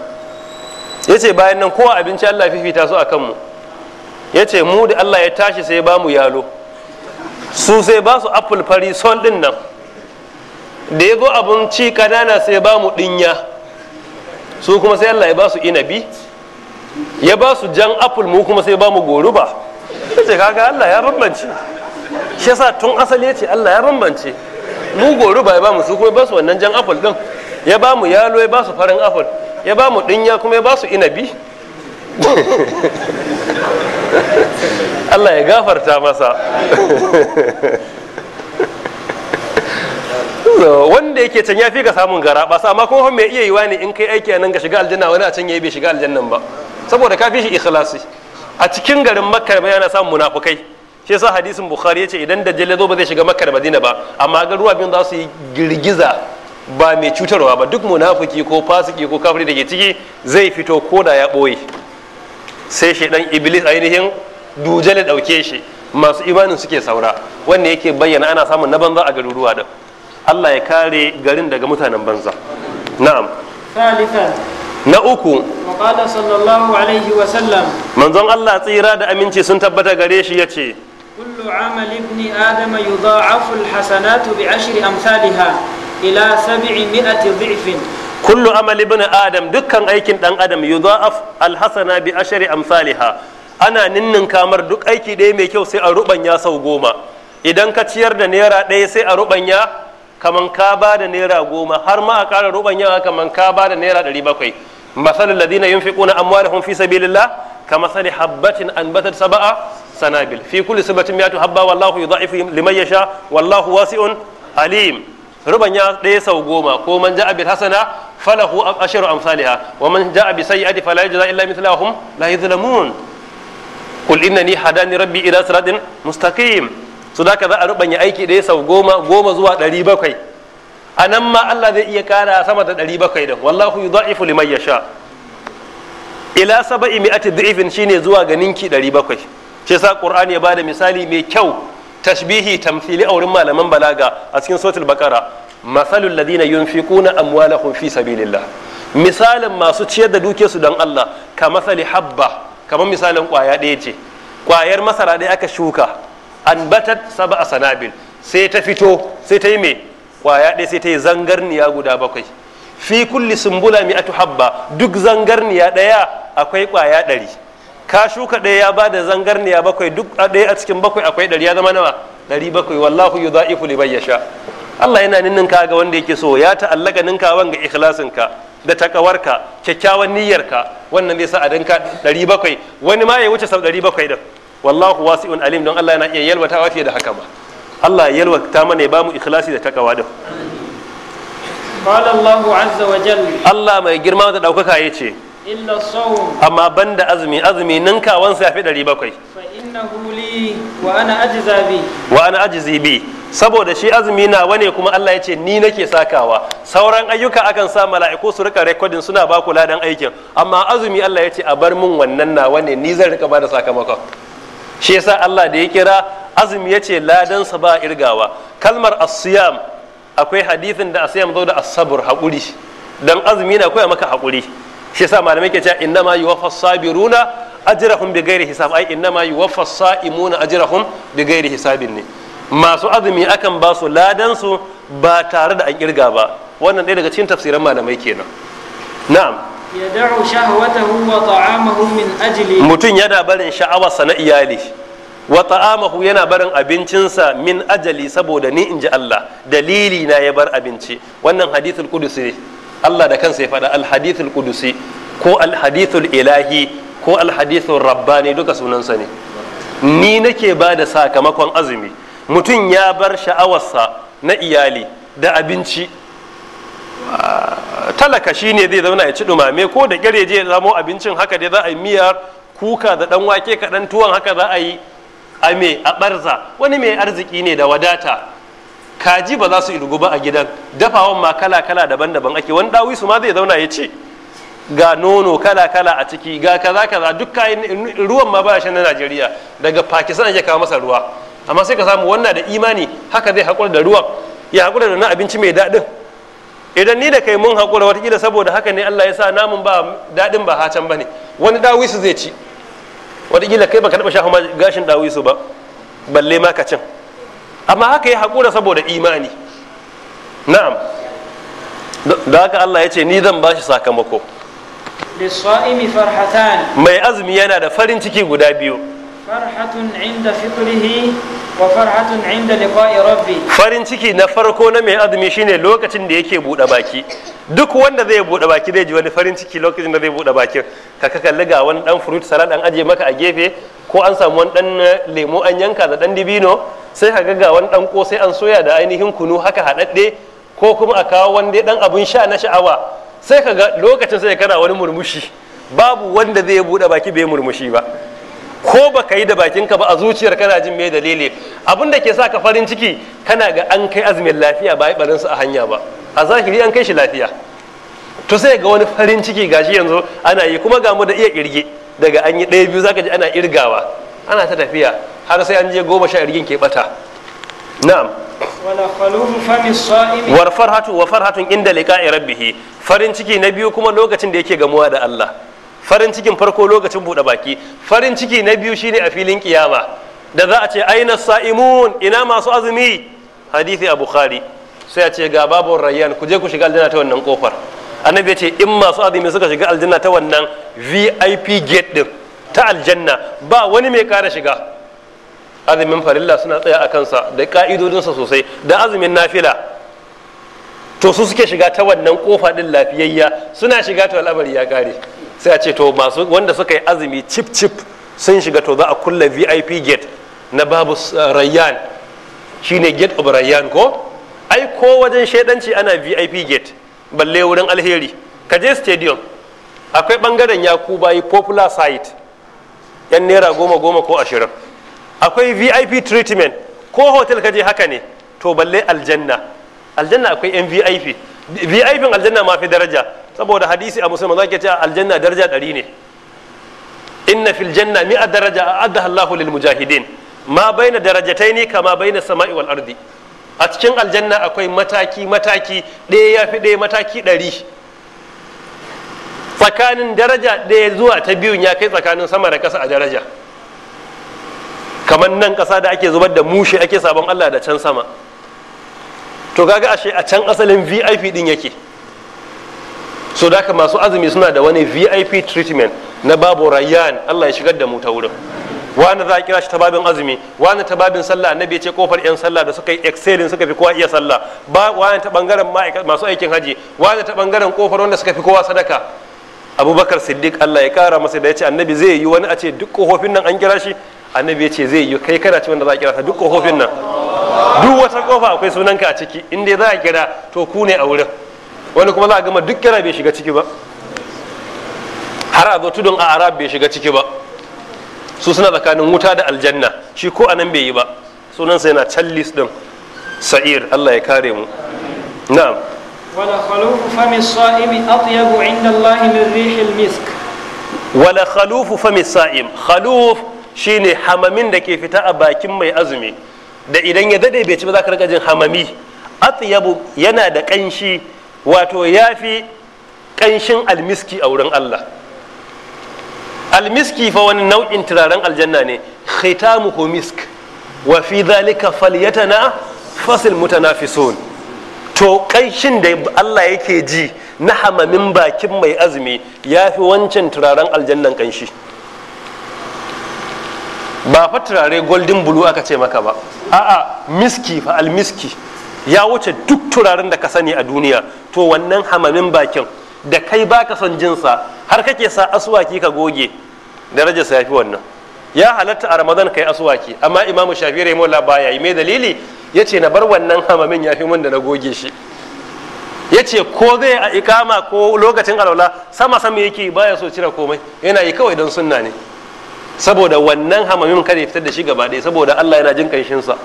ya ce bayan nan kowa abinci Allah fifita su a kanmu ya ce mu da Allah ya tashi sai ba mu yalo su sai ba su apple fari son din nan da ya go abinci kanana sai ba mu dinya su kuma sai Allah ya ba su inabi ya ba su jan apple mu kuma sai ba mu goruba ya ce kaga Allah ya bambance shi yasa tun asali ya ce Allah ya bambance mu goruba ya ba mu su kuma ba su wannan jan apple din ya ba mu yalo ya ba su farin apple ya ba mu dinya kuma ya ba su inabi Allah ya gafarta masa wanda yake can ya fi ka samun gara ba amma kuma mai iya yiwa ne in kai aiki a nan ga shiga aljanna wani a can ya bai shiga aljannan ba saboda ka fi shi ikhlasi a cikin garin makka ba yana samun munafukai shi yasa hadisin bukhari yace idan dajjal ya zo ba zai shiga makka da madina ba amma garuwa bin za su yi girgiza ba mai cutarwa ba duk munafiki ko fasiki ko kafiri da ke ciki zai fito ko da ya ɓoye sai shaidan iblis ainihin dujale ɗauke shi masu imanin suke saura wanda yake bayyana ana samun na banza a garuruwa din Allah ya kare garin daga mutanen banza na'am na uku manzon Allah tsira da aminci sun tabbata gare shi ya ce kullu amal ibni adama yudha'afu alhasanatu bi ashri amsalha ila sabi'i mi'ati dhi'fin kullu amali ibn adam dukkan aikin dan adam yudha'af alhasana bi ashri amsalha ana ninnin kamar duk aiki da mai kyau sai a rubanya sau goma idan ka ciyar da naira ɗaya sai a rubanya kaman ka ba da goma har ma a ƙara rubanya kaman ka ba da naira ɗari bakwai masal ladina yunfiquna amwalahum fi sabilillah ka masal habbatin anbatat sab'a sanabil fi su sabatin mi'atu habba wallahu yudha'ifu liman yasha wallahu wasi'un alim rubanya ɗaya sau goma ko man ja'a bil hasana falahu asharu amsalha wa man ja'a bi sayyi'ati fala yujza illa mithlahum la yuzlamun kul innani hadani rabbi ila siratin mustaqim so da za a rubanya aiki ɗaya sau goma goma zuwa ɗari bakwai a nan ma Allah zai iya kara sama da ɗari bakwai da wallahu yudha'ifu liman yasha ila saba'i mi'ati dhi'fin shine zuwa ga ninki ɗari bakwai shi yasa qur'ani ya bada misali mai kyau tashbihi tamthili a wurin malaman balaga a cikin suratul bakara masalul ladina yunfikuna amwalahum fi sabilillah misalin masu ciyar da duke su don Allah ka masali habba kamar misalin kwaya ɗaya ce kwayar masara ɗaya aka shuka an batat saba a sanabil sai ta fito sai ta yi mai kwaya ɗaya sai ta yi zangarniya guda bakwai fi kulli sumbula mi'atu habba duk zangarniya ɗaya akwai kwaya ɗari ka shuka ɗaya ya ba da zangarniya bakwai duk ɗaya a cikin bakwai akwai ɗari ya zama nawa ɗari bakwai wallahu yu za'ifu liman sha. Allah yana ninninka ga wanda yake so ya ta'allaka wanga ikhlasin ka da takawarka kyakkyawan niyyarka wannan zai sa a dinka ɗari bakwai wani ma ya wuce sau ɗari bakwai da wallahu wasi'un alim don Allah yana iya yalwatawa fiye da haka ba Allah ya yalwata mana ya bamu ikhlasi da takawa da قال الله عز وجل الله ما يجرم هذا أو كاكا يتشي illa sawm amma banda azumi azumi ninkawan ya fi 700 fa innahu li wa ana ajza bi wa ana ajzi bi saboda shi azumi na wane kuma Allah yace ni nake sakawa sauran ayyuka akan sa mala'iku su rika recording suna ba ku ladan aikin amma azumi Allah yace a bar min wannan na wane ni zan rika bada sakamakon shi yasa Allah da ya kira azumi yace ce ladan sa ba irgawa kalmar asiyam akwai hadithin da asiyam zo da asabur haƙuri dan azumi na koya maka haƙuri shi yasa malamai ke cewa ma yuwaffa sabiruna ajrahum ghairi hisab ai ma yuwaffa saimuna ajrahum ghairi hisabin ne masu azumi akan ba su ladan su ba tare da an kirga ba wannan ɗaya daga cikin tafsiran malamai kenan na'am yad'u shahwatahu wa ta'amahu min ajli mutun yana barin sha'awarsa na iyali wa ta'amahu yana barin abincinsa min ajali saboda ni inji Allah dalili na ya bar abinci wannan hadithul qudsi ne Allah da kansa ya faɗa alhadithul qudusi ko alhadithul ilahi ko alhadithul rabbani duka sunansa ne ni nake ba da sakamakon azumi mutum ya bar sha'awarsa na iyali da abinci talaka shi ne zai zauna ya ci dumame ko da kyar ya zamo abincin haka dai za a yi miyar kuka da dan wake kaɗan tuwon haka za a yi a me a barza wani mai arziki ne da wadata kaji ba za su irgu ba a gidan dafawan ma kala kala daban daban ake wani dawisu ma zai zauna ya ce ga nono kala kala a ciki ga kaza kaza duk kayan ruwan ma ba shan na Najeriya daga Pakistan ake kawo masa ruwa amma sai ka samu wannan da imani haka zai haƙura da ruwan ya haƙura da na abinci mai daɗin idan ni da kai mun haƙura watakila saboda haka ne Allah ya sa namun ba daɗin ba hacan ba ne wani dawisu zai ci watakila kai baka taɓa shafa gashin dawisu ba balle ma ka cin amma haka ya haƙura saboda imani na'am da haka Allah ya ce ni zan bashi sakamako mai azumi yana da farin ciki guda biyu farhatun inda fitrihi wa farhatun inda liqa'i rabbi farin ciki na farko na mai azumi shine lokacin da yake bude baki duk wanda zai bude baki zai ji wani farin ciki lokacin da zai bude baki ka ka kalli ga wani dan fruit salad an aje maka a gefe ko an samu wani dan eh, lemo an yanka da dan dibino sai ka ga wani dan kosai an soya da ainihin kunu haka hadadde ko kuma a kawo wani dan abun sha na sha'awa sai ka ga lokacin sai kana wani murmushi babu wanda zai bude baki bai murmushi ba ko ba ka yi da bakinka ba a zuciyar kana jin mai dalili abin da ke sa ka farin ciki kana ga an kai azumin lafiya ba barin su a hanya ba a zahiri an kai shi lafiya to sai ga wani farin ciki gashi yanzu ana yi kuma ga mu da iya kirge daga an yi ɗaya biyu zaka ji ana irgawa ana ta tafiya har sai an je goma sha irgin ke bata na'am war farhatu wa hatun inda liqa'i rabbih farin ciki na biyu kuma lokacin da yake gamuwa da Allah farin cikin farko lokacin buɗe baki farin ciki na biyu shine a filin kiyama da za a ce aina sa'imun ina masu azumi hadisi a bukhari sai a ce ga babu rayyan ku je ku shiga aljanna ta wannan kofar annabi ya ce in masu azumi suka shiga aljanna ta wannan vip gate din ta aljanna ba wani mai kara shiga azumin farilla suna tsaya a kansa da ka'idodinsa sosai da azumin nafila to su suke shiga ta wannan kofa din lafiyayya suna shiga ta al'amari ya kare sai a ce to masu wanda suka yi azumi cip cip sun shiga to za a kulle vip gate na babu eh, rayyan shine gate of rayyan ko ai ko wajen shaidanci ana vip gate balle wurin alheri ka je stadium akwai bangaren yaku bayi popular site yan naira goma goma ko ashirin akwai vip treatment ko hotel ka je haka ne to balle aljanna aljanna akwai yan vip bi aibin aljanna ma fi daraja saboda hadisi a musulman zaka ce aljanna daraja 100 ne inna fil janna mi'a daraja adda Allahu lil mujahidin ma baina darajataini kama baina sama'i wal ardi a cikin aljanna akwai mataki mataki ɗaya ya fi ɗaya mataki ɗari tsakanin daraja ɗaya zuwa ta biyun ya kai tsakanin sama da ƙasa a daraja kamar nan ƙasa da ake zubar da mushi ake sabon Allah da can sama to kaga ashe a can asalin vip din yake so da masu azumi suna da wani vip treatment na babu rayyan allah ya shigar da mu ta wurin wani za a kira shi tababin azumi wani tababin sallah annabi ya ce kofar yan sallah da suka yi excelling suka fi kowa iya sallah ba wani ta bangaren masu aikin haji wani ta bangaren kofar wanda suka fi kowa sadaka abubakar siddiq allah ya kara masa da ya ce annabi zai yi wani a ce duk kofofin nan an kira shi annabi ya ce zai yi kai kana ci wanda za a kira ta duk kofofin nan duk wata kofa akwai sunanka a ciki inda za a kira to ku ne a wurin wani kuma za a gama duk kira bai shiga ciki ba har a zo tudun a arab bai shiga ciki ba su suna tsakanin wuta da aljanna shi ko anan bai yi ba sunansa yana can list din sa'ir allah ya kare mu na'am wala khalufu fami sa'imi atyabu inda allahi min rihil misk wala khalufu fami sa'im khaluf shine hamamin da ke fita a bakin mai azumi da idan ya dade bai ci ba za ka jin hamami atyabu yana da kanshi wato yafi kanshin almiski a wurin Allah almiski fa wani nau'in turaren aljanna ne khitamuhu misk wa fi dhalika falyatana fasil mutanafisun to kanshin da Allah yake ji na hamamin bakin mai azumi yafi wancan turaren aljannan kanshi ba fa turare golden blue aka ce maka ba a'a miski fa almiski ya wuce duk turaren da ka sani a duniya to wannan hamamin bakin da kai baka son jinsa har kake sa aswaki ka goge daraja sa yafi wannan ya halatta a ramadan kai aswaki amma imamu shafi mola baya mai dalili yace na bar wannan hamamin yafi mun da na goge shi yace ko zai a ikama ko lokacin alwala sama sama yake baya so cire komai yana yi kawai don sunna ne saboda wannan hamamin kada ya fitar da shi gaba ɗaya saboda Allah yana jin kanshin sa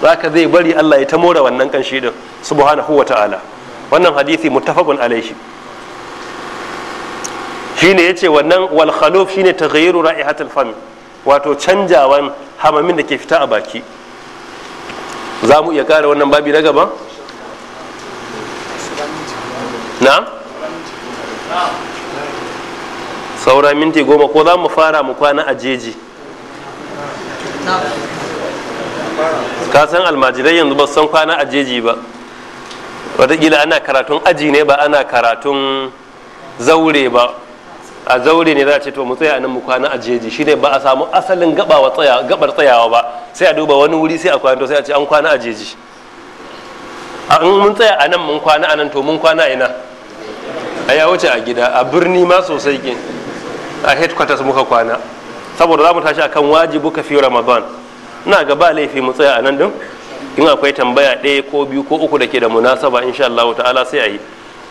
zaka zai bari Allah ya ta more wannan kanshi din subhanahu wata'ala wannan hadisi muttafaqun alaihi shine yace wannan wal khaluf shine taghayyiru ra'ihatil fam wato canjawan hamamin da ke fita a baki za mu iya kare wannan babi na gaba na saura minti goma ko za mu fara mu kwana a jeji ka san almajirai yanzu ba san kwana a jeji ba wataƙila ana karatun aji ne ba ana karatun zaure ba a zaure ne za a ce to mu tsaya nan mu kwana a jeji shi ne ba a samu asalin gabar tsayawa ba sai a duba wani wuri sai a kwana to sai a ce an kwana a jeji a in mun tsaya a nan mun kwana a nan to mun kwana ina a ya wuce a gida a birni ma sosai ke a headquarters muka kwana saboda za mu tashi akan wajibu ka fi ramadan ina ga ba laifi mu tsaya a nan din in akwai tambaya ɗaya ko biyu ko uku da ke da munasaba insha Allah ta'ala sai a yi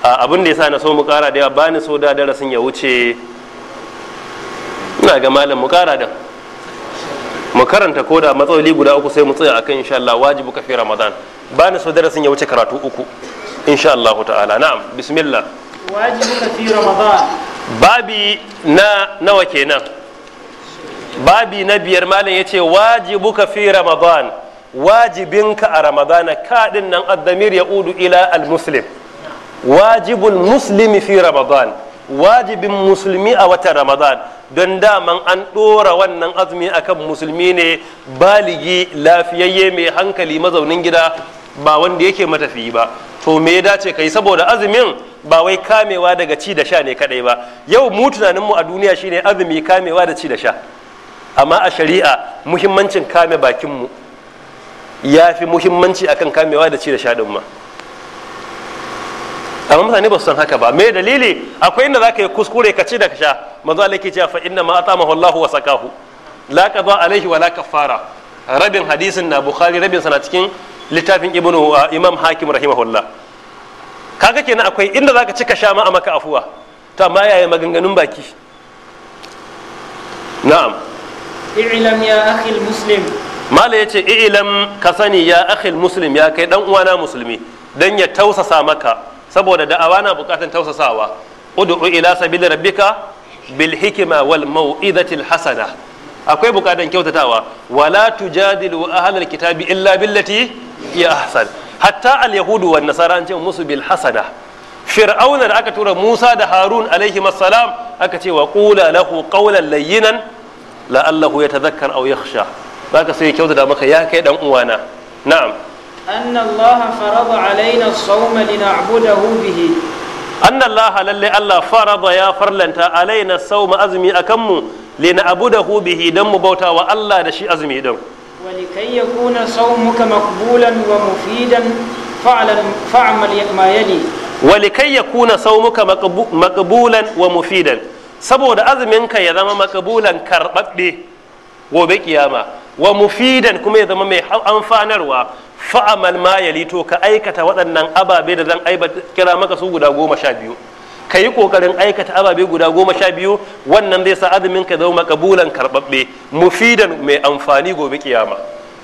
abin da yasa na so mu kara da yawa bani so da darasin ya wuce ina ga malam mu kara da mu karanta ko da matsaloli guda uku sai mu tsaya akan insha Allah wajibu ka fi ramadan bani so darasin ya wuce karatu uku insha Allah ta'ala na'am bismillah wajibuka babi na nawa kenan babi na biyar malam yace wajibuka fi ramadan ka a ramadan ka din nan addamir ya udu ila almuslim muslim wajibul muslimi fi ramadan wajibin musulmi a watan ramadan don daman an ɗora wannan azumi akan musulmi ne baligi lafiyayye mai hankali mazaunin gida ba wanda yake matafiyi ba to me ya dace kai saboda azumin ba wai kamewa daga ci da sha ne kadai ba yau mu tunanin mu a duniya shine azumi kamewa da ci da sha amma a shari'a muhimmancin kame bakin mu ya fi muhimmanci akan kamewa da ci da sha din ma amma mutane ba su san haka ba me dalili akwai inda zaka yi kuskure ka ci da sha manzo Allah yake cewa fa inna ma atamahu Allahu wa sakahu la qada alaihi wa la kaffara rabin hadisin na bukhari rabin sana cikin littafin ibnu uh, imam hakim rahimahullah kaga kenan akwai inda zaka cika sha ma a maka afuwa to amma yaya maganganun baki na'am i'lam ya akhi muslim mala yace i'lam ka sani ya akhi muslim ya kai dan uwana musulmi dan ya tausasa maka saboda da'awa na bukatan tausasawa ud'u ila sabili rabbika bil hikma wal mau'izatil hasana akwai bukatan kyautatawa wala tujadilu ahlal kitabi illa billati ya ahsan hatta al yahudu wan nasara an ce musu bil fir'auna da aka tura musa da harun alaihi assalam aka ce wa qula lahu qawlan layyinan la'allahu yatadhakkar aw yakhsha baka sai da maka ya kai dan uwana na'am anna allaha farada alaina as-sawma lina'budahu bihi anna allaha lalle allah farada ya farlanta alaina as-sawma azmi akan mu lina'budahu bihi dan mu bauta wa allah da shi azumi din ولكي يكون صومك مقبولا ومفيدا فعلا فاعمل ما يلي ولكي يكون صومك مقبولا ومفيدا saboda azuminka ya zama makabulan karɓaɓɓe gobe ƙiyama wa mufidan kuma ya zama mai amfanarwa fa'amal ma yali to ka aikata waɗannan ababe da zan kira maka su guda goma sha biyu ka yi kokarin aikata ababe guda goma sha biyu wannan zai sa azumin ka zama makabulan karɓaɓɓe mufidan mai amfani gobe kiyama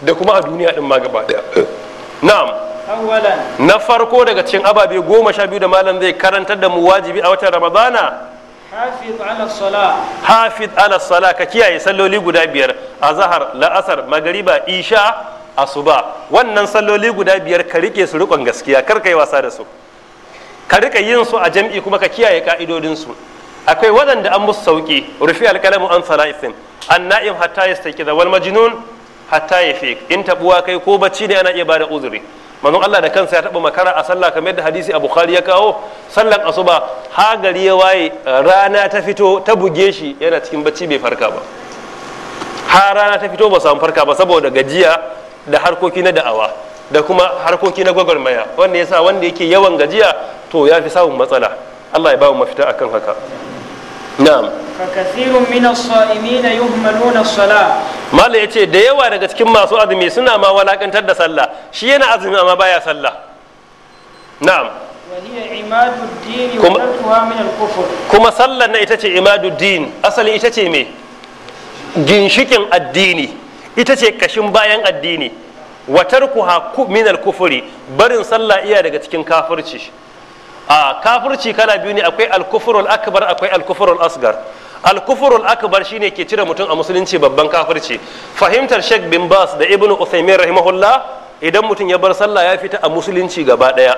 da kuma a duniya din ma gaba na'am na farko daga cikin ababe goma sha biyu da malam zai karantar da mu wajibi a watan ramadana hafiz ala sala ka kiyaye salloli guda biyar zahar la'asar magariba isha asuba wannan salloli guda biyar ka rike su rikon gaskiya kar ka yi wasa da su ka rika yin su a jam'i kuma ka kiyaye ka'idodin su akwai waɗanda an musu sauki rufi alkalamu an salasin an na'im hatta da wal majnun hatta ya fi in tabuwa kai ko bacci ne ana iya bada uzuri manzon Allah da kansa ya taɓa makara a sallah kamar yadda hadisi a Bukhari ya kawo sallan asuba hagari ya waye rana ta fito ta buge shi yana cikin bacci bai farka ba har rana ta fito ba samu farka ba saboda gajiya da harkoki na da'awa da kuma harkoki na gwagwarmaya wanda yasa wanda yake yawan gajiya to ya fi samun matsala Allah ya ba mu mafita akan haka na'am fa kathirun min as-sa'imin yuhmaluna as-salah mala yace da yawa daga cikin masu azumi suna ma walakantar da sallah shi yana azumi amma baya sallah na'am kuma sallar na ita ce imaduddin asali ita ce me ginshikin addini ita ce kashin bayan addini wa tarkuha min al-kufri barin sallah iya daga cikin kafirci a kafirci kana biyu ne akwai al-kufrul akbar akwai al-kufrul asgar al-kufrul akbar shine ke cire mutum a musulunci babban kafirci fahimtar shek bin Bas da Ibn Uthaymeen rahimahullah idan mutum ya bar sallah ya fita a musulunci gaba daya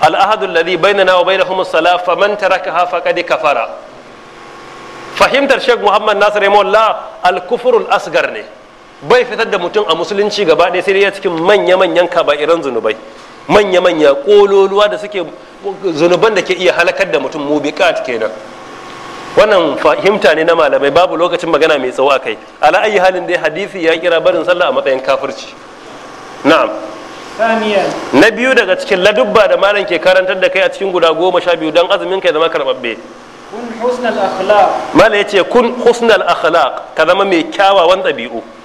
al ahad alladhi bainana wa bainahum as-salah faman tarakaha faqad kafara fahimtar shek Muhammad Nasir rahimahullah al-kufrul asgar ne bai fitar da mutum a musulunci gaba ɗaya sai dai ya cikin manya-manyan kaba'iran zunubai manya-manya ƙololuwa da suke zunuban da ke iya halakar da mutum mubiqat kenan wannan fahimta ne na malamai babu lokacin magana mai tsawo akai ala ayi halin dai hadisi ya kira barin sallah a matsayin kafirci na'am na biyu daga cikin ladubba da malam ke karantar da kai a cikin guda goma sha biyu don azumin kai zama karɓaɓɓe kun husnal akhlaq mala kun husnal akhlaq ka zama mai kyawawan ɗabi'u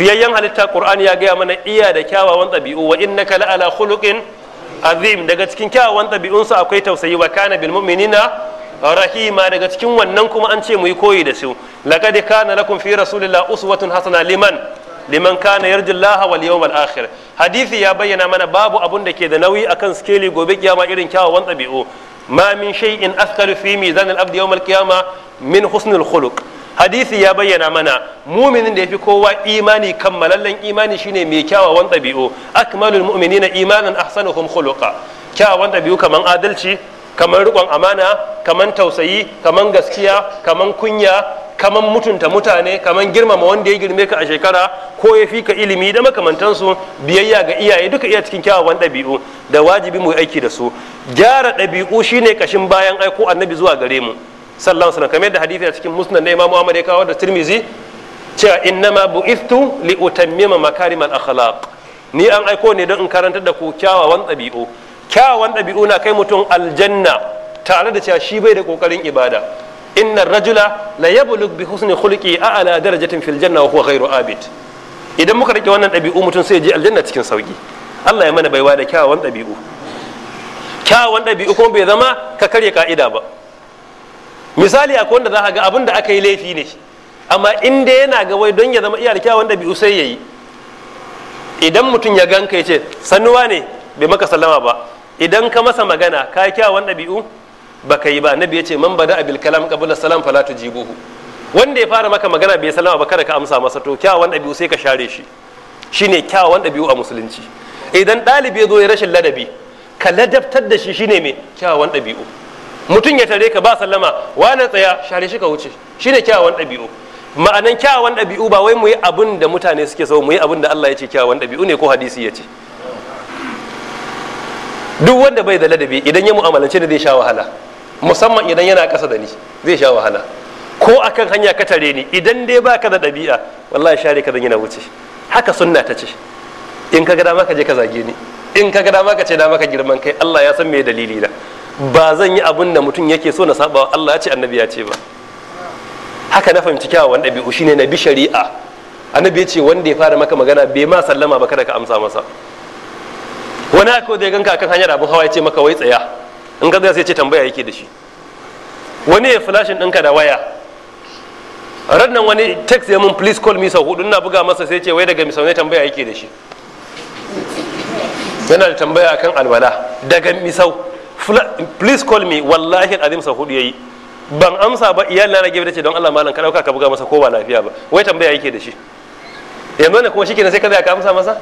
fiyayyen halitta qur'ani ya gaya mana iya da kyawawan ɗabi'u wa innaka la'ala khuluqin azim daga cikin kyawawan su akwai tausayi wa kana bil mu'minina rahima daga cikin wannan kuma an ce mu yi koyi da su laqad kana lakum fi rasulillahi uswatun hasana liman liman kana yarju Allah wal yawmal akhir hadisi ya bayyana mana babu abun da ke da nauyi akan skeli gobe kiyama irin kyawawan ɗabi'u ma min shay'in athqalu fi mizanil abdi abd qiyamah min husnul khuluq hadisi ya bayyana mana muminin da ya fi kowa imani kammalallen imani shine mai kyawawan ɗabi'u akmalul mu'minina imanan ahsanuhum khuluqa kyawawan ɗabi'u kaman adalci kaman riƙon amana kaman tausayi kaman gaskiya kaman kunya kaman mutunta mutane kaman girmama wanda ya girme ka a shekara ko ya fi ka ilimi da makamantansu biyayya ga iyaye duka iya cikin kyawawan ɗabi'u da wajibi mu aiki da su gyara ɗabi'u shine kashin bayan aiko annabi zuwa gare mu sallallahu alaihi kamar da hadisi a cikin musnad na imamu ahmad kawo da tirmizi cewa innama bu'ithtu li utammima makarimal akhlaq ni an aiko ne don in karantar da ku kyawawan ɗabi'u kyawawan ɗabi'u na kai mutum aljanna tare da cewa shi bai da kokarin ibada inna rajula la yablugh bi husni khuluqi a'la darajatin fil janna wa huwa ghairu abid idan muka rike wannan dabi'u mutum sai je aljanna cikin sauki Allah ya mana baiwa da kyawawan ɗabi'u kyawawan ɗabi'u kuma bai zama ka karya ka'ida ba misali akwai wanda za ka ga abin da aka yi laifi ne amma in dai yana ga wai don ya zama iya da kyawun ɗabi'u sai ya yi idan mutum ya ganka ya ce sanuwa ne bai maka sallama ba idan ka masa magana ka yi kyawun ɗabi'u ba ka yi ba nabi ya ce man bada abil kalam qabla salam fala wanda ya fara maka magana bai sallama ba kada ka amsa masa to kyawun ɗabi'u sai ka share shi shine kyawun ɗabi'u a musulunci idan ɗalibi ya zo ya rashin ladabi ka ladabtar da shi shine mai kyawun ɗabi'u mutum ya tare ka ba sallama wani tsaya share shi ka wuce shi ne kyawawan ɗabi'u ma'anan kyawawan ɗabi'u ba wai mu yi abin da mutane suke so mu yi abin da Allah ya ce kyawawan ɗabi'u ne ko hadisi ya ce duk wanda bai da ladabi idan ya mu'amalance ni zai sha wahala musamman idan yana ƙasa da ni zai sha wahala ko akan hanya ka tare ni idan dai baka da ɗabi'a wallahi share ka zan yana wuce haka sunna ta ce in ka ga dama ka je ka zage ni in ka ga dama ka ce na ka girman kai Allah ya san me dalili da. ba zan yi abin da mutum yake so na saba Allah ya ce annabi ya ce ba haka na fahimci kyawawan ɗabi'u shine na bi shari'a annabi ya ce wanda ya fara maka magana bai ma sallama ba kada ka amsa masa wani aka da ya ganka akan hanyar abin hawa ya ce maka wai tsaya in ka tsaya sai ce tambaya yake da shi wani ya flashin ɗinka da waya Rannan wani text ya mun please call me sau hudu ina buga masa sai ce wai daga misau ne tambaya yake da shi yana da tambaya akan alwala daga misau please call me wallahi azim sa hudu yayi ban amsa ba iyalina na gefe ce don Allah malam ka dauka ka buga masa ko ba lafiya ba wai tambaya yake da shi yanzu ne kuma shikenan sai ka zai ka amsa masa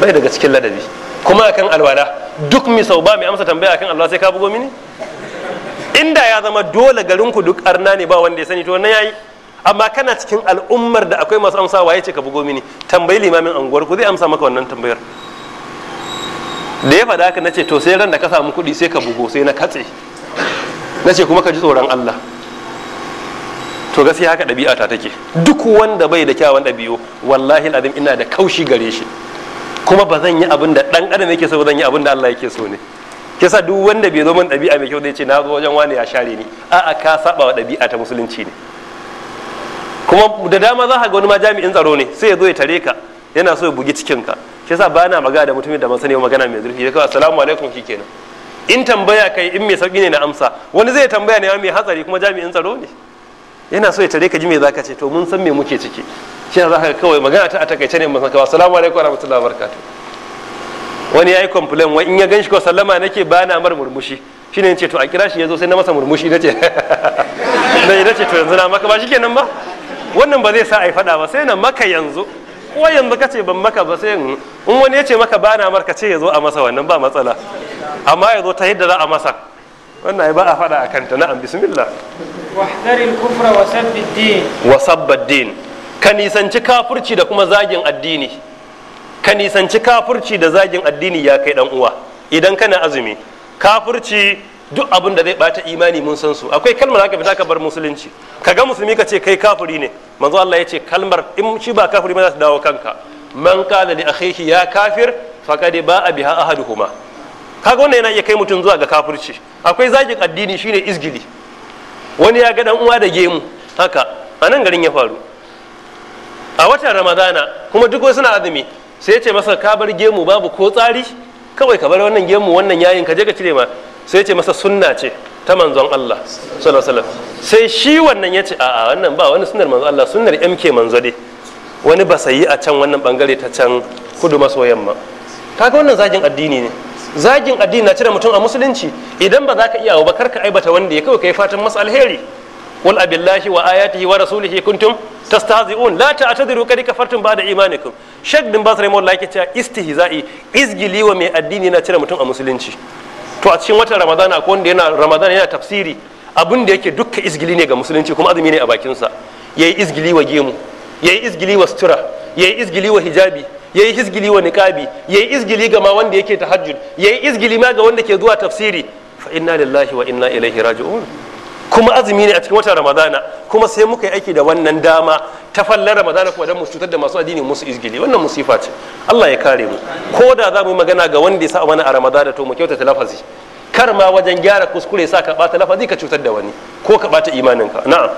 bai daga cikin ladabi kuma akan alwala duk mi sau ba mai amsa tambaya akan Allah sai ka bugo mini inda ya zama dole garin ku duk arna ne ba wanda ya sani to na yayi amma kana cikin al'ummar da akwai masu amsa waye ce ka bugo mini tambayi limamin anguwar ku zai amsa maka wannan tambayar da ya faɗa haka nace to sai ran da ka samu kuɗi sai ka bugo sai na katse nace kuma ka ji tsoron Allah to gaskiya haka ɗabi'a ta take duk wanda bai da kyawun ɗabi'u wallahi al'adun ina da kaushi gare shi kuma ba zan yi abin da ɗan adam yake so ba zan yi abin da Allah yake so ne kisa duk wanda bai zo min ɗabi'a mai kyau zai ce na zo wajen wani ya share ni a'a ka saba wa ɗabi'a ta musulunci ne kuma da dama za ka ga wani ma jami'in tsaro ne sai ya zo ya tare ka yana so ya bugi cikin ka shi yasa ba na magana da mutumin da ban sani magana mai zurfi ya kawai assalamu alaikum kenan in tambaya kai in mai sauki ne na amsa wani zai tambaya ne mai hatsari kuma jami'in tsaro ne yana so ya tare ka ji me zaka ce to mun san me muke ciki shi yasa zaka kawai magana ta a takaice ne mun san kawai assalamu alaikum wa barakatuh wani ya yi complain wai in ya ganshi ko sallama nake ba na mar murmushi shine ce to a kira shi yazo sai na masa murmushi nace nace to yanzu na maka ba shikenan ba wannan ba zai sa ai fada ba sai na maka yanzu ko yanzu kace ban maka ba sai in wani ya ce maka na marka ce ya zo a masa wannan ba matsala amma ya zo ta yadda za a masa wannan ba a faɗa a kanta na'am bismillah wahdaril kufra wa din wa din ka nisanci kafurci da kuma zagin addini ka nisanci kafirci da zagin addini ya kai dan uwa idan kana azumi kafurci. duk abin da zai bata imani mun san su akwai kalmar haka fita ka bar musulunci ka ga musulmi ka ce kai kafuri ne manzo Allah ya ce kalmar in shi ba kafiri ba za su dawo kanka man qala li akhihi ya kafir faqad ba'a biha ahaduhuma kaga wannan yana iya kai mutum zuwa ga kafirci akwai zagin addini shine izgili wani ya ga dan uwa da gemu haka a nan garin ya faru a watan ramadana kuma duk wasu suna azumi sai ya ce masa ka bar gemu babu ko tsari kawai ka bar wannan gemu wannan yayin ka je ka cire ma sai ce masa sunna ce ta manzon Allah sallallahu alaihi wasallam sai shi wannan ya ce a'a wannan ba wani sunnar manzon Allah sunnar MK manzo dai wani sai a can wannan bangare ta can kudu maso yamma kaga wannan zagin addini ne zagin addini na cire mutum a musulunci idan ba za ka iya ba kar ka aibata wanda ya kawai kai fatan masa alheri wa ayatihi wa rasulihi kuntum tastazi'un la ta'tadiru قد كفرتم bada imanikum Sheikh bin Baz rahimahullah yake cewa istihza'i izgili wa mai addini na cire mutum a musulunci to a cikin watan Ramadan akwai wanda yana Ramadan yana tafsiri abin da yake dukkan izgili ne ga musulunci kuma azumi ne a bakin sa yayi izgili wa gemu yayi izgili wa sutura yayi izgili wa hijabi yayi izgili wa niqabi yayi izgili ga ma wanda yake tahajjud yayi izgili ma ga wanda ke zuwa tafsiri fa inna lillahi wa inna ilaihi raji'un kuma azumi ne a cikin watan ramadana kuma sai muka yi aiki da wannan dama ta fallar ramadana kuma don mu cutar da masu addini musu izgili wannan musifa ce Allah ya kare mu ko da za mu yi magana ga wanda ya sa mana a ramadana to mu kyautata lafazi kar ma wajen gyara kuskure sa ka bata lafazi ka cutar da wani ko ka bata imaninka na'am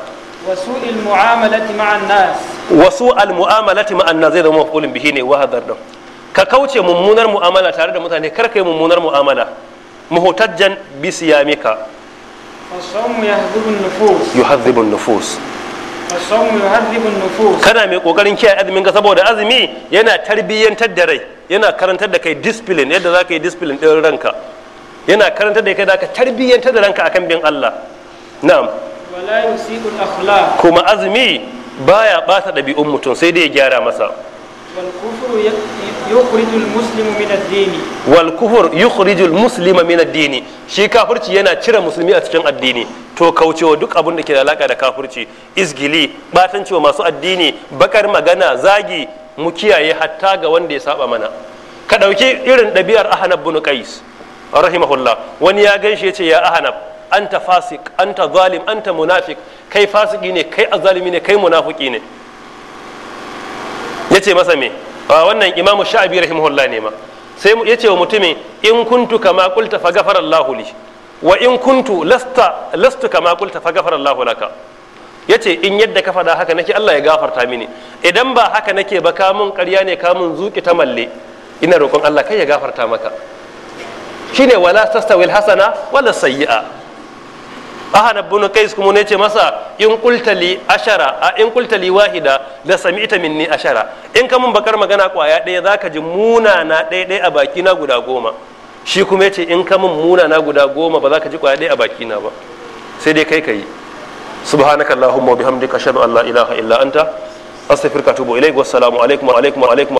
wasu al-mu'amalati ma'an nas wasu al-mu'amalati ma'an nas zai zama mafulin bihi ne wahadar din ka kauce mummunar mu'amala tare da mutane kar ka yi mummunar mu'amala muhtajjan bi siyamika yuhadhibu nufus kana mai kokarin kiyaye azumin ka saboda azumi yana tarbiyyantar da rai yana karantar da kai discipline yadda za ka yi discipline ɗin ranka yana karantar da kai da ka tarbiyyantar da ranka akan bin Allah na'am kuma azumi baya ɓata ɗabi'un mutum sai dai ya gyara masa wal kufur yukhrijul muslima min addini shi kafirci yana cire musulmi a cikin addini to kaucewa duk abin da ke da alaka da kafirci izgili batancewa masu addini bakar magana zagi mu kiyaye hatta ga wanda ya saba mana ka dauki irin ɗabi'ar ahanab bin qais rahimahullah wani ya gaishe ya ce ya ahanab anta fasik anta zalim anta munafik kai fasiki ne kai azalimi ne kai munafiki ne ya ce masa me wannan imamu sha'abi rahimahullah ne ma sai ya ce wa mutumin in kuntu kama qulta fa ghafara Allahu wa in kuntu lasta lastu kama qulta fa ghafara Allahu laka yace in yadda ka faɗa haka nake Allah ya gafarta mini idan ba haka nake ba kamun mun ƙarya ne ka mun ta malle ina roƙon Allah kai ya gafarta maka shine wala tastawil hasana wala sayyi'a ahana bin kais kuma ne ce masa in qulta li ashara a in qulta li wahida la sami'ta minni ashara in ka mun bakar magana kwaya daya zaka ji munana daya daya a baki na guda goma shi kuma yace in ka mun munana guda goma ba zaka ji kwaya daya a baki na ba sai dai kai kai subhanakallahumma wa bihamdika ashhadu an la ilaha illa anta astaghfiruka wa atubu ilaik wassalamu alaikum wa alaikum